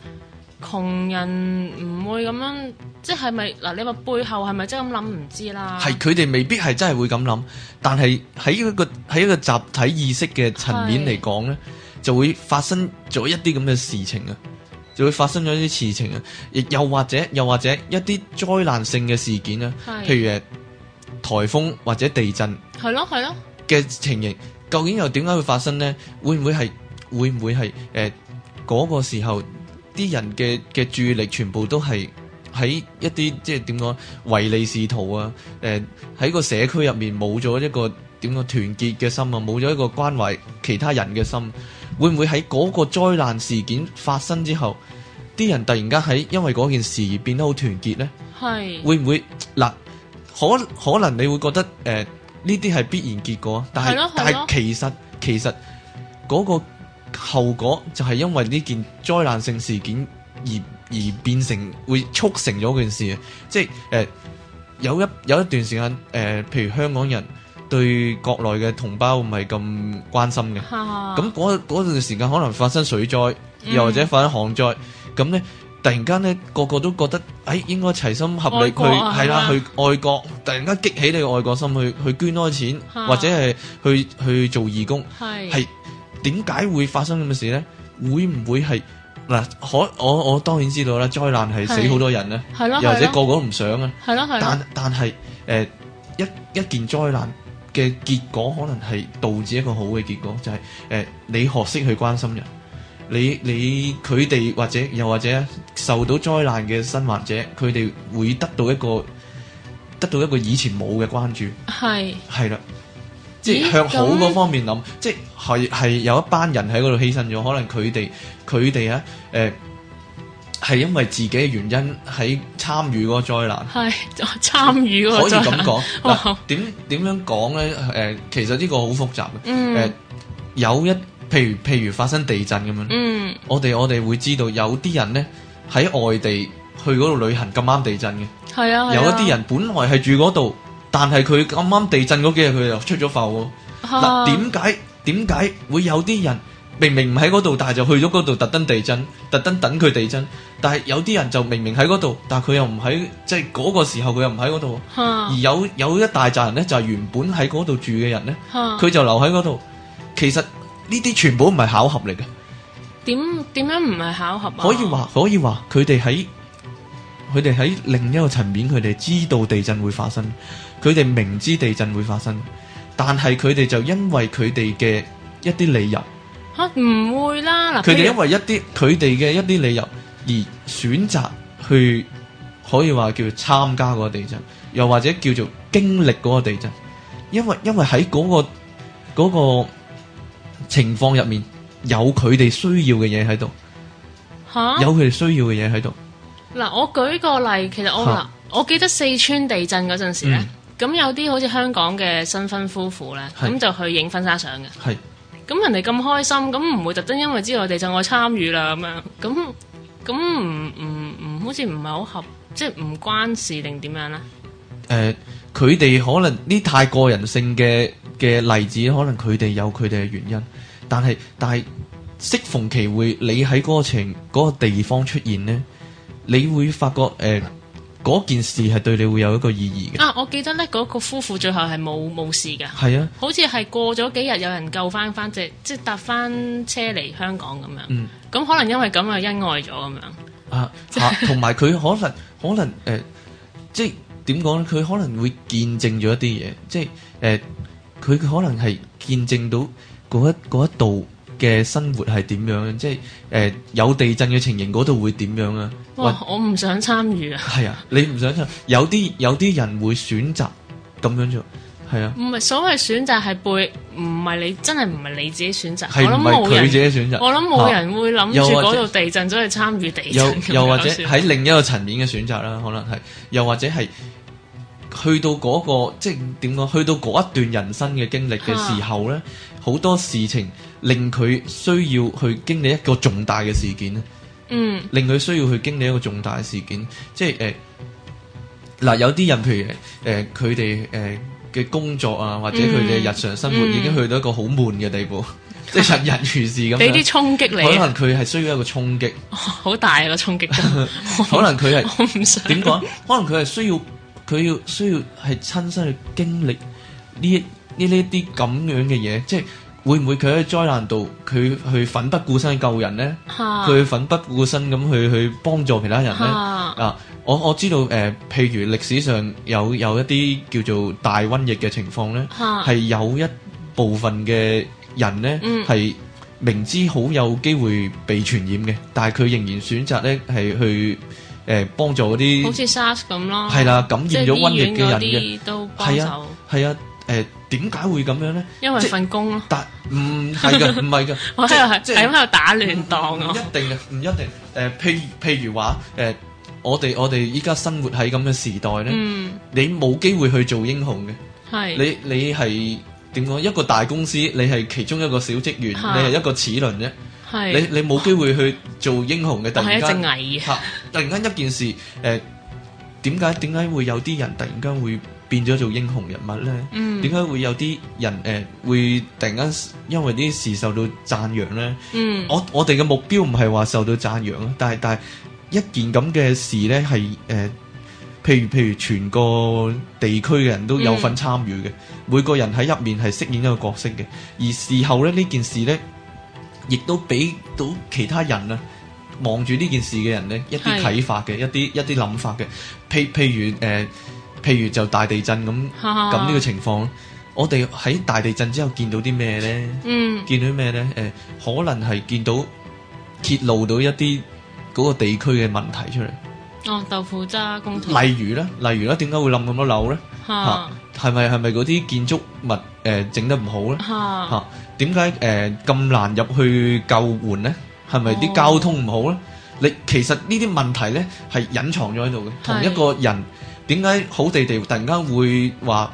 窮是人唔會咁樣，即係咪？嗱，你話背後係咪真係咁諗唔知啦、啊？係佢哋未必係真係會咁諗，但係喺一個喺一個集體意識嘅層面嚟講咧，就會發生咗一啲咁嘅事情啊，就會發生咗一啲事情啊，亦又或者又或者一啲災難性嘅事件啊，是譬如台風或者地震，係咯，係咯嘅情形，究竟又點解會發生呢？會唔會係會唔會係誒嗰個時候，啲人嘅、嘅注意力全部都係喺一啲即係點講唯利是圖啊？誒、呃、喺個社區入面冇咗一個點講團結嘅心啊，冇咗一個關懷其他人嘅心，會唔會喺嗰個災難事件發生之後，啲人突然間喺因為嗰件事而變得好團結呢？係嘅，會唔會嗱？可可能你會覺得誒呢啲係必然結果，但係但係其實其實嗰個後果就係因為呢件災難性事件而而變成會促成咗件事，即係誒有一有一段時間誒，譬如香港人對國內嘅同胞唔係咁關心嘅，咁嗰嗰段時間可能發生水災，又或者發生旱災，咁咧。突然間咧，個個都覺得，誒，應該齊心合力去係啦，去愛國。突然間激起你嘅愛國心，去去捐多錢，或者係去去做義工，係。點解會發生咁嘅事咧？會唔會係嗱？可我我當然知道啦，災難係死好多人咧，又或者個個都唔想啊。係咯係。但但係誒，一一件災難嘅結果可能係導致一個好嘅結果，就係誒，你學識去關心人。你你佢哋或者又或者受到災難嘅生還者，佢哋會得到一個得到一個以前冇嘅關注，係係啦，即係向好嗰方面諗，咦即係係有一班人喺嗰度犧牲咗，可能佢哋佢哋啊誒係因為自己嘅原因喺參與嗰個災難，係參與嗰個災難可以咁講點點樣講咧？誒哇、呃，其實呢個好複雜嘅，誒、嗯呃、有一。譬如譬如發生地震咁樣，嗯，我哋我哋會知道有啲人呢喺外地去嗰度旅行，咁啱地震嘅，係啊。啊有一啲人本來係住嗰度，但係佢咁啱地震嗰幾日，佢又出咗埠。嗱、啊，點解點解會有啲人明明唔喺嗰度，但係就去咗嗰度特登地震，特登等佢地震，但係有啲人就明明喺嗰度，但係佢又唔喺，即係嗰個時候佢又唔喺嗰度。啊、而有有一大扎人呢，就係、是、原本喺嗰度住嘅人呢，佢、啊、就留喺嗰度。其實。呢啲全部唔係巧合嚟嘅，點點樣唔係巧合啊？可以話可以話，佢哋喺佢哋喺另一個層面，佢哋知道地震會發生，佢哋明知地震會發生，但係佢哋就因為佢哋嘅一啲理由吓唔、啊、會啦。嗱，佢哋因為一啲佢哋嘅一啲理由而選擇去，可以話叫參加嗰個地震，又或者叫做經歷嗰個地震，因為因為喺嗰個個。嗰個情況入面有佢哋需要嘅嘢喺度，吓蛤有佢哋需要嘅嘢喺度。嗱，我舉個例，其實我嗱，蛤我記得四川地震嗰陣時咧，咁、嗯、有啲好似香港嘅新婚夫婦咧，咁是就去影婚紗相嘅。係咁是，人哋咁開心，咁唔會特登因為知道地震我參與啦咁樣，咁咁唔唔唔，好似唔係好合，即係唔關事定點樣咧？誒、呃，佢哋可能呢太個人性嘅嘅例子，可能佢哋有佢哋嘅原因。但係，但係適逢其會，你喺嗰個程嗰、那個地方出現咧，你會發覺誒嗰、呃、件事係對你會有一個意義嘅啊。我記得咧，嗰、那個夫婦最後係冇冇事㗎，係啊，好似係過咗幾日，有人救翻翻隻即係搭翻車嚟香港咁樣。咁、嗯、可能因為咁啊恩愛咗咁樣啊，同埋佢可能可能誒、呃，即係點講咧？佢可能會見證咗一啲嘢，即係誒，佢、呃、佢可能係見證到。嗰一嗰一度嘅生活係點樣？即係誒、呃、有地震嘅情形嗰度，嗰度會點樣啊？哇！或我唔想參與啊。係啊，你唔想參與？有啲有啲人會選擇咁樣做，係啊。唔係所謂選擇係背，唔係你真係唔係你自己選擇。係唔係佢自己選擇？我諗冇人，人會諗住嗰度地震咗、啊、去參與地震。又又或者喺另一個層面嘅選擇啦， 可能係又或者係。去到嗰、個即係點講？去到嗰一段人生嘅經歷嘅時候呢，好、啊、多事情令佢需要去經歷一個重大嘅事件咧。嗯，令佢需要去經歷一個重大嘅事件，即係誒嗱，有啲人譬如佢哋誒嘅工作啊，或者佢哋日常生活已經去到一個好悶嘅地步，嗯嗯、即係日日如是咁俾啲衝擊你，可能佢係需要一個衝擊，好、哦、大個衝擊。可能佢係點講？可能佢係需要。佢要需要係親身去經歷呢一呢呢啲咁樣嘅嘢，即係會唔會佢喺災難度佢去奮不顧身去救人呢？佢哈 去奮不顧身咁去去幫助其他人呢？哈 啊，我我知道誒、呃，譬如歷史上有有一啲叫做大瘟疫嘅情況呢，係哈 有一部分嘅人呢係、嗯、明知好有機會被傳染嘅，但係佢仍然選擇呢係去。誒，幫助嗰啲好似 SARS 咁咯，係啦，感染咗瘟疫嘅人嘅，都幫手，係啊，係啊，誒，點解會咁樣咧？因為份工咯，但唔係噶，唔係噶，我喺度係喺度打亂檔，唔一定嘅，唔一定。誒，譬如譬如話，誒，我哋我哋依家生活喺咁嘅時代咧，你冇機會去做英雄嘅，係，你你係點講？一個大公司，你係其中一個小職員，你係一個齒輪啫。你你冇機會去做英雄嘅，突然間吓，突然間一件事，誒，點解點解會有啲人突然間會變咗做英雄人物咧？點解會有啲人誒會突然間因為啲事受到讚揚咧？我我哋嘅目標唔係話受到讚揚啊，但係但係一件咁嘅事咧，係誒，譬如譬如全個地區嘅人都有份參與嘅，每個人喺入面係飾演一個角色嘅，而事後咧呢件事咧。亦都俾到其他人啊，望住呢件事嘅人咧，一啲睇法嘅的，一啲一啲諗法嘅，譬譬如，呃、譬如就大地震咁，咁呢個情況，我哋喺大地震之後見到啲咩咧？ 嗯，見到咩咧，呃？可能係見到揭露到一啲嗰個地區嘅問題出嚟。哦，豆腐渣工程。例如咧，例如咧，點解會冧咁多樓咧？嚇！係咪係咪嗰啲建築物誒整得唔好咧？吓吓，點解誒咁難入去救援咧？係咪啲交通唔好咧？你其實呢啲問題咧係隱藏咗喺度嘅。同一個人點解好地地突然間會話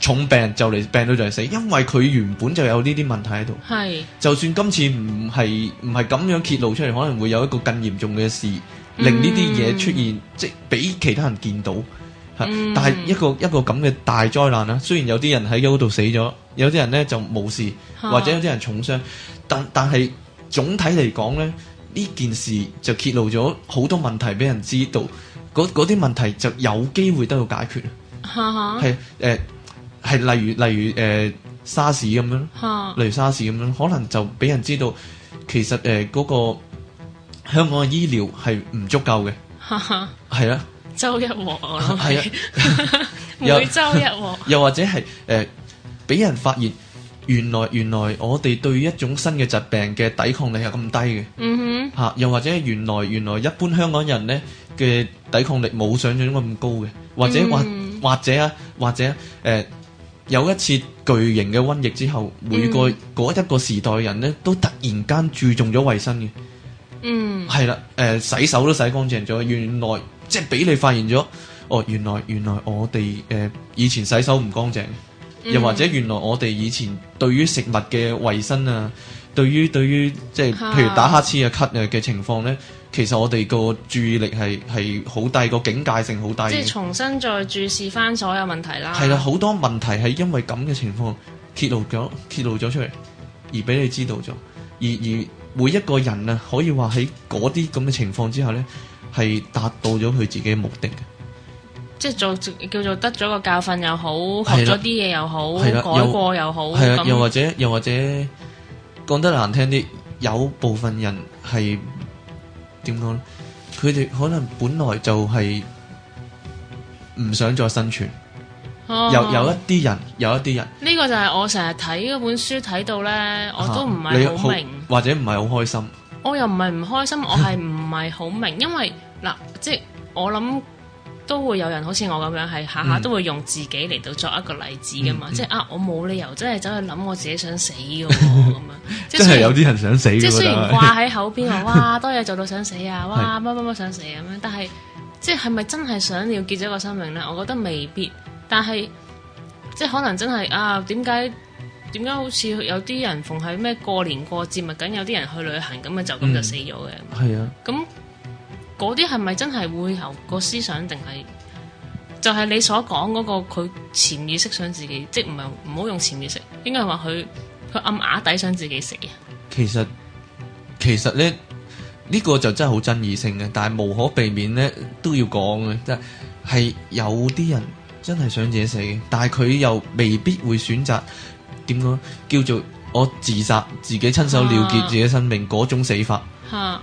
重病就嚟病到就嚟死？因為佢原本就有呢啲問題喺度。係，就算今次唔係唔係咁樣揭露出嚟，可能會有一個更嚴重嘅事，令呢啲嘢出現，即係俾其他人見到。但係一個、嗯、一個咁嘅大災難啦。雖然有啲人喺嗰度死咗，有啲人咧就冇事，啊、或者有啲人重傷。但但係總體嚟講咧，呢件事就揭露咗好多問題俾人知道。嗰啲問題就有機會得到解決。係誒、啊，係、呃、例如例如誒沙士咁樣，啊、例如沙士咁樣，可能就俾人知道，其實誒嗰、呃嗰個香港嘅醫療係唔足夠嘅。係啦、啊。係啊周一禍啊，係啊，每周一禍。又或者係誒，俾人發現原來原來我哋對一種新嘅疾病嘅抵抗力係咁低嘅。嗯哼，吓，又或者原來原來一般香港人呢嘅抵抗力冇想象中咁高嘅，或者或或者啊，或者誒，有一次巨型嘅瘟疫之後，每個嗰一個時代人呢都突然間注重咗衛生嘅。嗯，係啦，誒，洗手都洗乾淨咗，原來。即係俾你發現咗，哦，原來原來我哋誒、呃、以前洗手唔乾淨，嗯、又或者原來我哋以前對於食物嘅衛生啊，嗯、對於對於即係譬如打乞嗤啊咳呀、啊、嘅情況咧，其實我哋個注意力係係好大、個警戒性好大，即係重新再注視翻所有問題啦。係啦，好多問題係因為咁嘅情況揭露咗揭露咗出嚟，而俾你知道咗，而而每一個人啊，可以話喺嗰啲咁嘅情況之後咧。係達到咗佢自己嘅目的嘅，即係做叫做得咗個教訓的又好，學咗啲嘢又好，改過又好。係啊，又或者又或者講得難聽啲，有部分人係點講咧？佢哋可能本來就係唔想再生存。哦、啊，有有一啲人，有一啲人。呢個就係我成日睇嗰本書睇到咧，我都唔係好明，或者唔係好開心。我又唔係唔開心，我係唔係好明，因為。嗱，即係我諗都會有人好似我咁樣，係下下都會用自己嚟到作一個例子噶嘛。嗯、即係啊，我冇理由真係走去諗我自己想死噶嘛。 即係然有啲人想死，即係雖然掛喺口邊話 哇，多嘢做到想死啊，哇乜乜乜想死咁、啊、樣，但係即係係咪真係想要結咗一個生命呢？我覺得未必。但係即係可能真係啊？點解點解好似有啲人逢係咩過年過節，咪梗有啲人去旅行咁啊？就咁就死咗嘅。係啊、嗯，咁的。那嗰啲係咪真係會有個思想，定係就係你所講嗰個佢，潛意識想自己，即係唔係唔好用潛意識，應該係話佢佢暗啞底想自己死啊？其實其實咧呢個就真係好爭議性嘅，但係無可避免咧都要講嘅，即係有啲人真係想自己死，但係佢又未必會選擇點講，叫做我自殺，自己親手了結自己生命嗰種死法。啊啊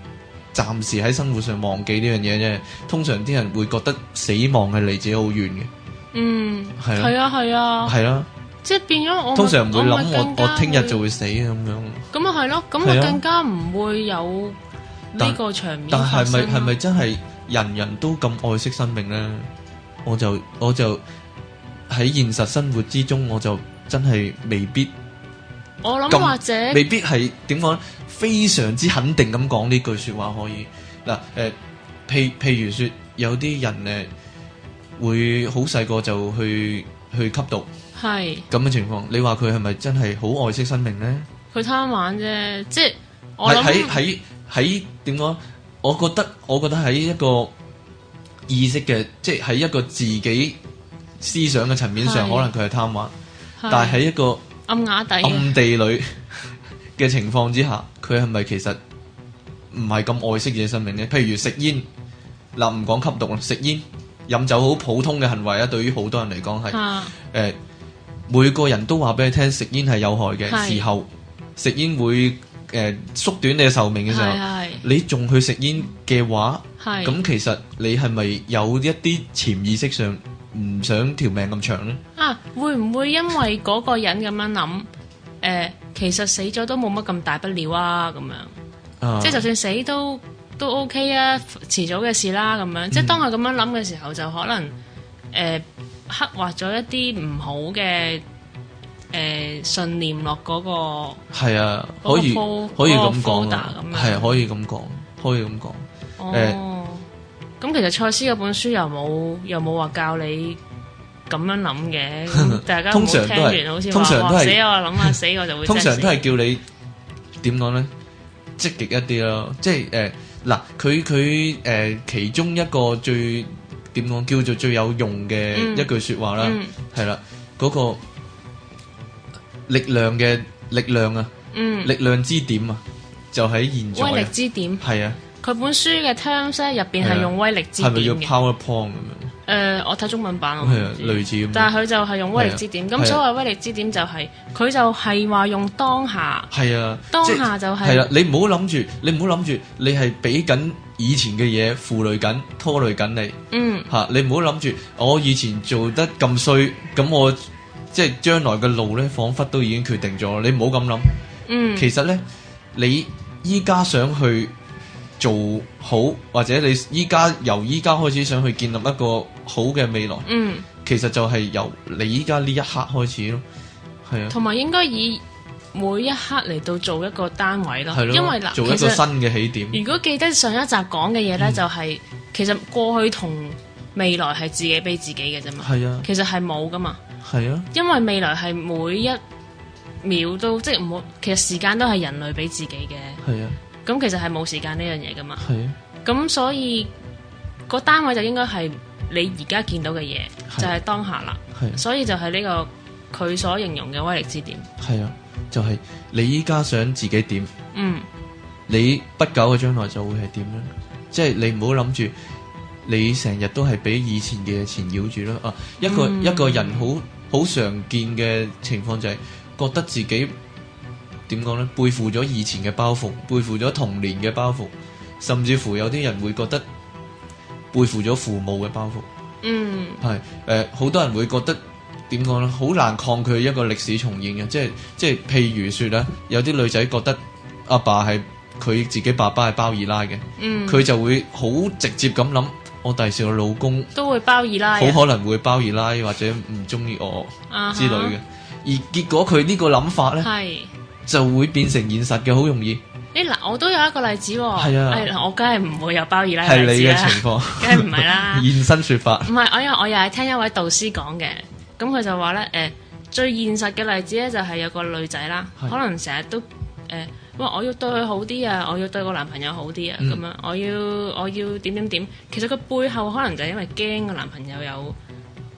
暫時喺生活上忘記呢樣嘢啫，通常啲人會覺得死亡係離自己好遠嘅。嗯，係，係啊，係啊，係啦。即係變咗我，我通常唔會諗我，我聽日就會死咁樣。咁啊係咯，咁我更加唔會有呢個場面發生。但係咪係咪真係人人都咁愛惜生命咧？我就我就喺現實生活之中，我就真係未必。我諗或者未必係，點講咧，非常之肯定咁講呢句說話可以嗱誒、呃，譬譬如說有啲人誒，會好細個就去去吸毒，係咁嘅情況，你話佢係咪真係好愛惜生命咧？佢貪玩啫，即係我喺喺喺點講？我覺得我覺得喺一個意識嘅，即係喺一個自己思想嘅層面上，是可能佢係貪玩，是但係喺一個。暗瓦底，暗地裏嘅情況之下，佢係咪其實唔係咁愛惜自己的生命呢？譬如食煙，嗱唔講吸毒啦，食煙、飲酒好普通嘅行為啊，對於好多人嚟講係，誒，啊、每個人都話俾你聽食煙係有害嘅是 時候，呃、時候，食煙會誒縮短你嘅壽命嘅時候，你仲去食煙嘅話，咁是是 其實你係咪有一啲潛意識上？唔想條命咁長咧啊！會唔會因為嗰個人咁樣諗？誒、 呃，其實死咗都冇乜咁大不了啊！咁樣，啊、即係就算死都都 OK 啊，遲早嘅事啦咁樣。即係當佢咁樣諗嘅時候，嗯、就可能誒、呃、刻畫咗一啲唔好嘅誒、呃、信念落嗰、個。係啊，可以可以咁講啊，係啊，可以咁講，可以咁講，誒。咁其實賽斯嗰本書又冇又冇話教你咁樣諗嘅。咁大家通常聽完好似話，死我諗下死我就會。通常都係叫你點講咧？積極一啲咯，即係誒嗱，佢佢誒其中一個最點講叫做最有用嘅一句說話啦，係啦嗰個力量嘅力量啊，嗯，力量之點啊，就喺現在，力之點？係啊。佢本書嘅 terms 咧入邊係用威力之點係咪叫 PowerPoint 咁樣、呃？誒，我睇中文版，係啊，類似咁。但係佢就係用威力之點。咁、啊、所謂威力之點就係、是、佢、啊、就係話用當下，係啊，當下就係、是。係啦、啊啊，你唔好諗住，你唔好諗住，你係俾緊以前嘅嘢負累緊、拖累緊你。嗯，嚇你唔好諗住，我以前做得咁衰，咁我即係將來嘅路咧，仿佛都已經決定咗。你唔好咁諗。嗯，其實咧，你依家想去做好或者你依家由依家開始想去建立一個好嘅未來嗯，其實就係由你依家呢一刻開始咯，係啊。同埋應該以每一刻嚟到做一個單位咯，啊、因為做一個新嘅起點。如果記得上一集講嘅嘢咧，就係、嗯、其實過去同未來係自己俾自己嘅啫、啊、嘛。係啊，其實係冇噶嘛。係啊，因為未來係每一秒都即係冇，其實時間都係人類俾自己嘅。係啊。咁其實係冇時間呢樣嘢㗎嘛，咁、啊、所以個單位就應該係你而家見到嘅嘢，係啊、就係當下啦。係啊、所以就係呢個佢所形容嘅威力之點。係啊，就係、係、你依家想自己點？嗯，你不久嘅將來就會係點咧？即、就、係、係、你唔好諗住你成日都係俾以前嘅嘢纏繞住咯。啊，一個、嗯、一個人好好常見嘅情況就係覺得自己。點講呢？背負咗以前嘅包袱，背負咗童年嘅包袱，甚至乎有啲人會覺得背負咗父母嘅包袱。嗯，係誒，好、呃、多人會覺得點講呢？好難抗拒一個歷史重現嘅，即係即係，譬如說咧，有啲女仔覺得阿爸係佢自己爸爸係包二奶嘅，佢、嗯、就會好直接咁諗，我第時我老公都會包二奶，啊，好可能會包二奶或者唔中意我、啊、哈之類嘅，而結果佢呢個諗法呢。就會變成現實嘅，好容易。誒嗱、欸，我都有一個例子、哦，係啊，哎、我梗係唔會有包二奶例子啦。係你嘅情況，梗係唔係啦。 現身說法。唔係，我有我又係聽一位導師講嘅，咁佢就話咧，誒、呃，最現實嘅例子咧就係有個女仔啦，是可能成日都，誒、呃，我要對佢好啲啊，我要對個男朋友好啲啊，咁、嗯、樣，我要我要點點點，其實佢背後可能就係因為驚個男朋友有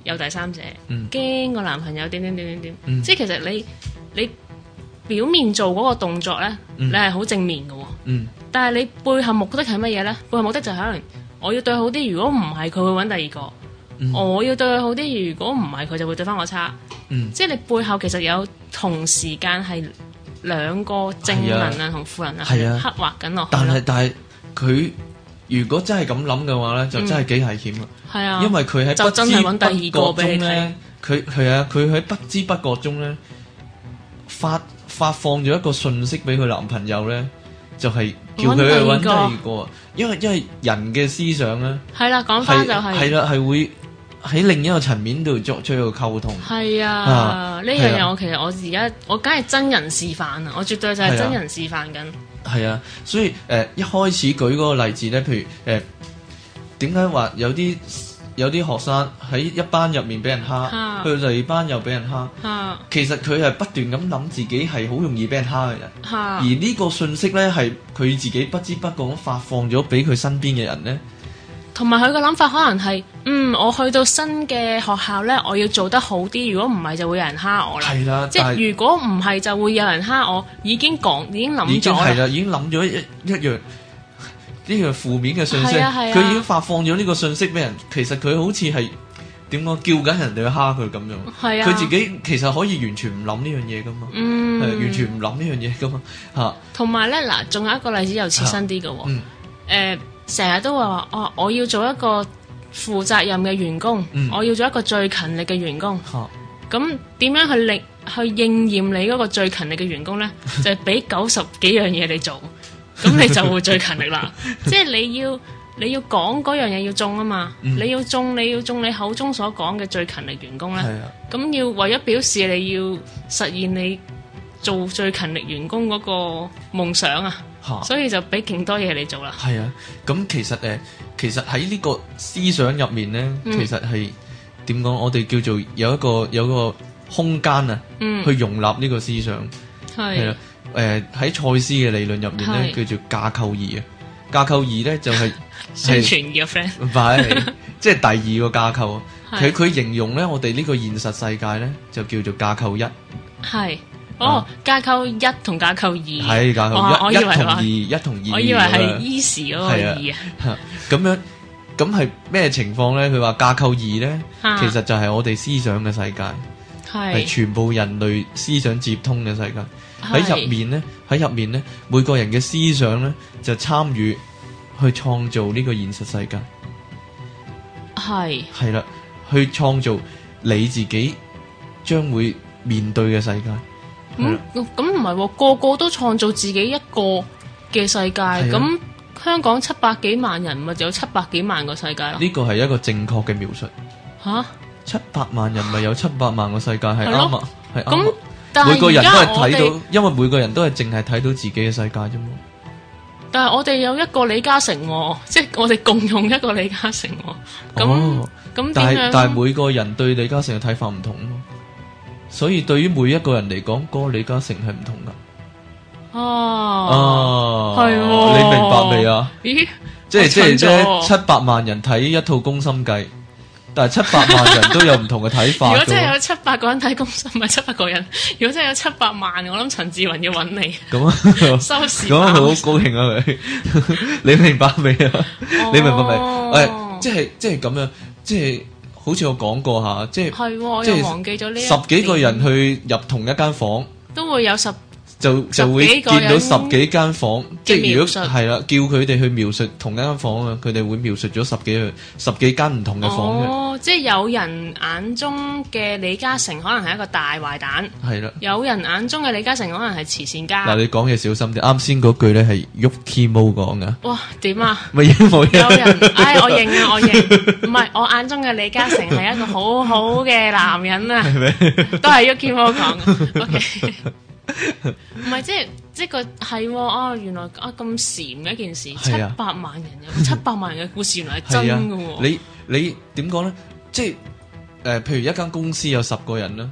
有第三者，驚、嗯、個男朋友點點點點點，嗯、即係其實你你。表面做嗰個動作咧，嗯、你係好正面嘅，哦，嗯，但係你背後目的係乜嘢咧？背後目的就可、是、能我要對好啲，如果唔係佢會搵第二個；嗯，我要對佢好啲，如果唔係佢就會對翻我差。嗯、即係你背後其實有同時間係兩個正面啊同負面啊係、啊、刻劃緊落去但係但係佢如果真係咁諗嘅話咧，就真係幾危險啦。係、嗯、啊，因為佢喺就真係搵第二個俾你睇。佢係啊，佢喺不知不覺中咧、啊啊、發。發放咗一個信息俾佢男朋友咧，就係、是、叫佢去揾第二個，因為因為人嘅思想咧係啦，講翻就係係啦，係會喺另一個層面度作出一個溝通。係啊，呢樣嘢我其實我而家我梗係真人示範啊，我絕對就係真人示範緊。係啊，啊，所以誒、呃，一開始舉嗰個例子咧，譬如誒，點解話有啲？有啲學生喺一班入面俾人蝦，哈去到第二班又俾人蝦。哈其實佢係不斷咁諗自己係好容易俾人蝦嘅人，哈而呢個信息呢，係佢自己不知不覺咁發放咗俾佢身邊嘅人呢。同埋佢嘅諗法可能係，嗯，我去到新嘅學校呢，我要做得好啲。如果唔係，就會有人蝦我啦。係啦，即係如果唔係，就會有人蝦我。已經講，已經諗咗啦，已經諗咗一一樣。一呢個係負面嘅信息，佢、啊啊、已經發放咗呢個信息俾人。其實佢好似係點講，叫緊人哋去蝦佢咁樣。佢、啊、自己其實可以完全唔諗呢樣嘢噶嘛，誒、嗯，完全唔諗呢樣嘢噶嘛，吓、啊。同埋咧，嗱，仲有一個例子又切身啲嘅，誒、啊，成、嗯、日、呃、都話，哦，我要做一個負責任嘅員工，嗯、我要做一個最勤力嘅員工。咁點、啊、樣去力去應驗你嗰個最勤力嘅員工咧？就係俾九十幾樣嘢你做。 咁你就會最勤力啦，即係你要你要講嗰樣嘢要中啊嘛，你要中你要中你口中所講嘅最勤力員工咧，係啊，咁要為咗表示你要實現你做最勤力員工嗰個夢想啊，所以就俾勁多嘢你做啦。係啊，咁其實誒，其實喺呢個思想入面咧，其實係點講？我哋叫做有一個有個空間啊，去容納呢個思想係。誒，喺賽斯嘅理論入面咧，叫做架構二啊。架構二咧就係全 friend 唔係，即係第二個架構。佢佢形容咧，我哋呢個現實世界咧就叫做架構一。係哦，架構一同架構二係架構一，一同二，一同二。我以為係 easy 嗰個二啊。咁樣咁係咩情況咧？佢話架構二咧，其實就係我哋思想嘅世界，係全部人類思想接通嘅世界。喺入面咧，喺入面咧，每個人嘅思想咧就參與去創造呢個現實世界。係係啦，去創造你自己將會面對嘅世界。咁咁唔係喎，個個都創造自己一個嘅世界。咁的香港七百幾萬人咪就有七百幾萬個世界？呢個係一個正確嘅描述。吓、啊，七百萬人咪有七百萬個世界係啱啊？係啱每個人都係睇到，因為每個人都係淨係睇到自己嘅世界啫嘛。但係我哋有一個李嘉誠，即係我哋共用一個李嘉誠。哦，咁但係但係每個人對李嘉誠嘅睇法唔同咯。所以對於每一個人嚟講，個李嘉誠係唔同噶。哦哦，係，你明白未啊？咦，即係即係即係七百萬人睇一套《攻心計》。但係七百萬人都有唔同嘅睇法的。 如果真係有七百個人睇公審，咪七百個人。如果真係有七百萬，我諗陳志雲要揾你。咁 收視咁佢好高興啊！你明白未啊？你明白未？誒、oh。哎，即係即係咁樣，即係好似我講過下，即係，即係、哦、忘記咗，呢十幾個人去入同一間房，都會有十。就就會見到十幾間房，即係如果係啦，叫佢哋去描述同一間房啊，佢哋會描述咗十幾十幾間唔同嘅房。哦，即係有人眼中嘅李嘉誠可能係一個大壞蛋，係啦的。有人眼中嘅李嘉誠可能係慈善家。嗱，你講嘢小心啲，啱先嗰句咧係 Yuki Mo 講嘅。哇，點啊？乜嘢冇人？哎，我認啊，我認。唔係， 我眼中嘅李嘉誠係一個很好好嘅男人啊，係嗎都係 Yuki Mo 講嘅。 okay 唔係， 即係即係個係啊、哦！原來啊咁禪嘅一件事、啊七，七百萬人有，七百萬嘅故事，原來係真嘅、啊。你你點講咧？即係誒、呃，譬如一間公司有十個人啦，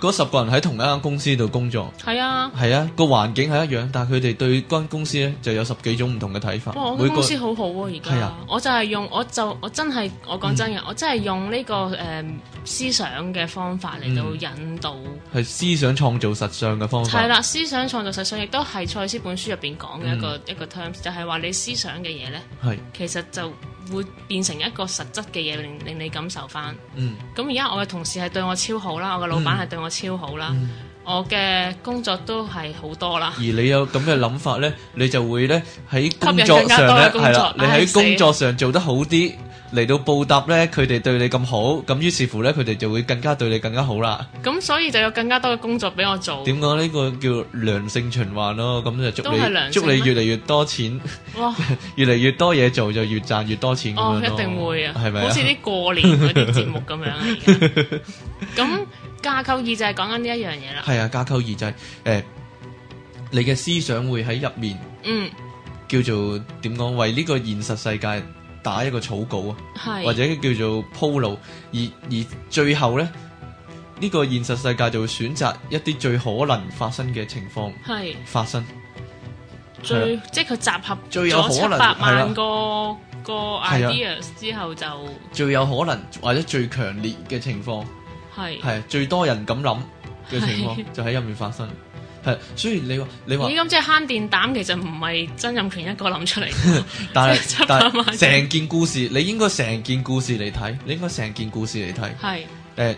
嗰哈十個人喺同一間公司度工作，係啊係啊，個環、啊、境係一樣，但係佢哋對間公司咧就有十幾種唔同嘅睇法。哇，我公司好好而家，我就係用，我就我真係我講真嘅，我真係、嗯、用呢、呢個誒。嗯思想嘅方法嚟到引導、嗯，係思想創造實相嘅方法。係啦，思想創造實相亦都係賽斯本書入邊講嘅一個、嗯、一個 terms，就係話你思想嘅嘢呢，係是其實就會變成一個實質嘅嘢，令令你感受翻。嗯，咁而家我嘅同事係對我超好啦，我嘅老闆係對我超好啦，嗯、我嘅工作都係好多啦。而你有咁嘅諗法呢，你就會呢，喺工作上呢，或者更加多嘅工作係啦，你喺工作上做得好啲。哎嚟到報答咧，佢哋對你咁好，咁於是乎咧，佢哋就會更加對你更加好啦。咁所以就有更加多嘅工作俾我做。點講呢個叫良性循環咯。咁就祝你祝你越嚟越多錢，哇！越嚟越多嘢做就越賺越多錢。哦，一定會啊，係咪？好似啲過年嗰啲節目咁樣。咁架構二就係講緊呢一樣嘢啦。係啊，架構二就係誒，你嘅思想會喺入面，嗯，叫做點講？為呢個現實世界。打一個草稿啊，或者叫做鋪路是，而而最後咧，呢個現實世界就會選擇一啲最可能發生嘅情況發生。是係啊、最即係佢集合咗七百萬個、啊、個 ideas 之後就、啊、最有可能或者最強烈嘅情況，係是、啊、最多人咁諗嘅情況就喺入面發生。是 係，所以你話你話，咦？咁即係慳電膽，其實唔係曾蔭權一個諗出嚟。 但係是，但係成件故事，你應該成件故事嚟睇。你應該成件故事嚟睇。係是、呃、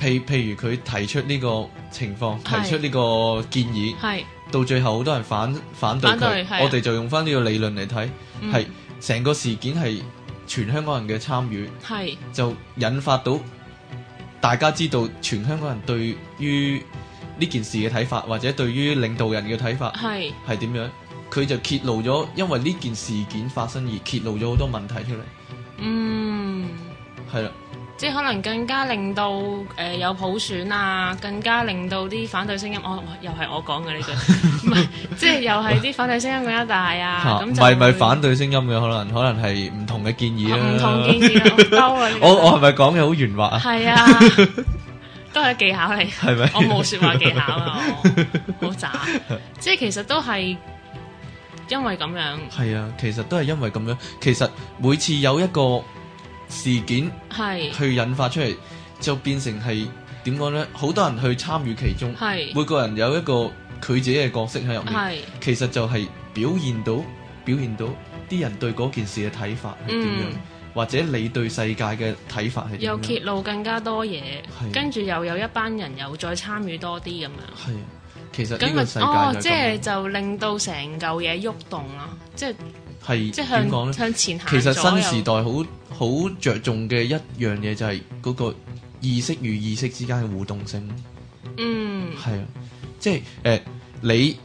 譬譬如佢提出呢個情況，提出呢個建議，是到最後好多人反反對佢，對啊、我哋就用翻呢個理論嚟睇，係成、嗯、個事件係全香港人嘅參與，係是就引發到大家知道全香港人對於呢件事嘅睇法，或者對於領導人嘅睇法，係係點樣？佢是就揭露咗，因為呢件事件發生而揭露咗好多問題出嚟。嗯，係啦的，即係可能更加令到誒、呃、有普選啊，更加令到啲反對聲音。我又係我講嘅呢句，唔係 即係又係啲反對聲音更加大啊。咁咪咪反對聲音嘅可能，可能係唔同嘅建議啦、啊，唔同建議，好鳩啊！我我係咪講嘅好圓滑啊？係啊。 都係技巧嚟，係咪我冇說話技巧啊？好渣。 即係其實都係因為咁樣。係啊，其實都係因為咁樣。其實每次有一個事件係去引發出嚟，就變成係點講咧？好多人去參與其中，係是每個人有一個佢自己嘅角色喺入面。是其實就係表現到，表現到啲人對嗰件事嘅睇法係點樣。嗯或者你對世界嘅睇法係點？又揭露更加多嘢，啊、跟住又有一班人又再參與多啲咁樣。係、啊，其實咁啊就，這哦，即係就令到成嚿嘢喐動啦，即係是即係點講呢？向前行。其實新時代好好着重嘅一樣嘢就係嗰個意識與意識之間嘅互動性。嗯，係啊，即係誒、呃，你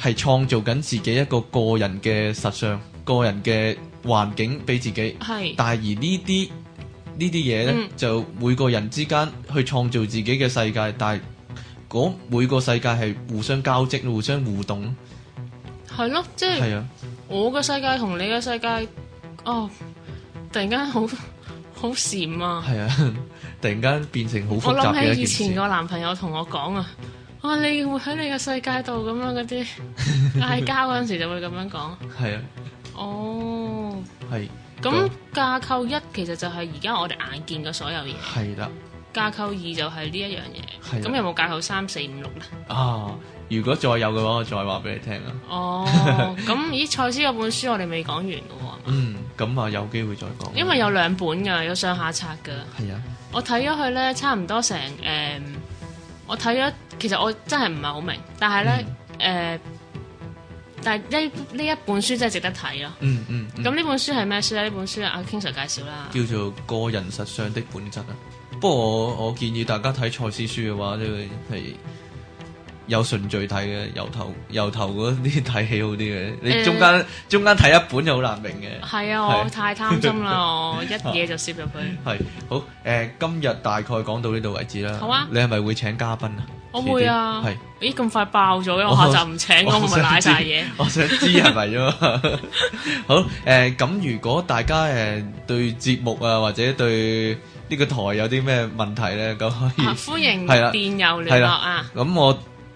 係創造緊自己一個個人嘅實相，個人嘅。環境俾自己，係，但係而呢啲呢啲嘢咧，嗯、就每個人之間去創造自己嘅世界，但係每個世界係互相交織，互相互動，係咯，即係，我嘅世界同你嘅世界，哦，突然間好好禪啊，係啊，突然間變成好複雜嘅一件事，我諗起以前個男朋友同我講啊，啊，你會喺你嘅世界度咁樣嗰啲嗌交嗰陣時候就會咁樣講，係啊。哦，係是。咁架構一其實就係而家我哋眼見嘅所有嘢。係啦的。架構二就係呢一樣嘢。係的。咁有冇架構三的四五六咧？啊，如果再有嘅話，我再話俾你聽啦。哦，咁 咦，蔡司嗰本書我哋未講完噶喎。嗯，咁啊，有機會再講。因為有兩本噶，有上下冊噶。係啊的、呃。我睇咗佢咧，差唔多成誒，我睇咗，其實我真係唔係好明，但係咧，誒、嗯。呃但係呢呢一本書真係值得睇咯。嗯。嗯嗯。咁呢本書係咩書咧？呢本書阿 King Sir 介紹啦，叫做《個人實相的本質》啊。不過我我建議大家睇賽斯書嘅話咧係。有順序睇嘅，由頭由頭嗰啲睇起好啲嘅。你中間中間睇一本就好難明嘅。係啊，我太貪心啦，我一嘢就攝入去。係好誒，今日大概講到呢度為止啦。好啊。你係咪會請嘉賓啊？我會啊。係。咦？咁快爆咗，我下集唔請我咪賴曬嘢。我想知係咪啫？好誒，咁如果大家誒對節目啊或者對呢個台有啲咩問題咧，咁可以歡迎電郵聯絡啊。咁我。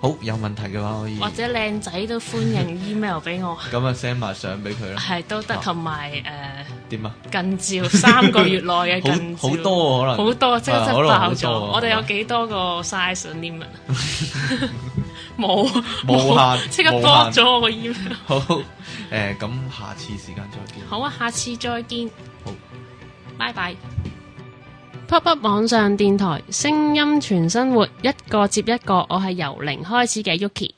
好有問題嘅話可以或者靚仔都歡迎 email 俾我，咁啊 send 埋相俾佢啦。係都得，同埋誒點啊近照三個月內嘅近照好多可能好多即刻即刻爆咗，我哋有幾多個 size limit 啊？冇無限即刻爆咗我個 email。好誒，咁下次時間再見。好啊，下次再見。好，拜拜。pop up 網上電台，聲音全生活，一個接一個，我係由零開始嘅 Yuki。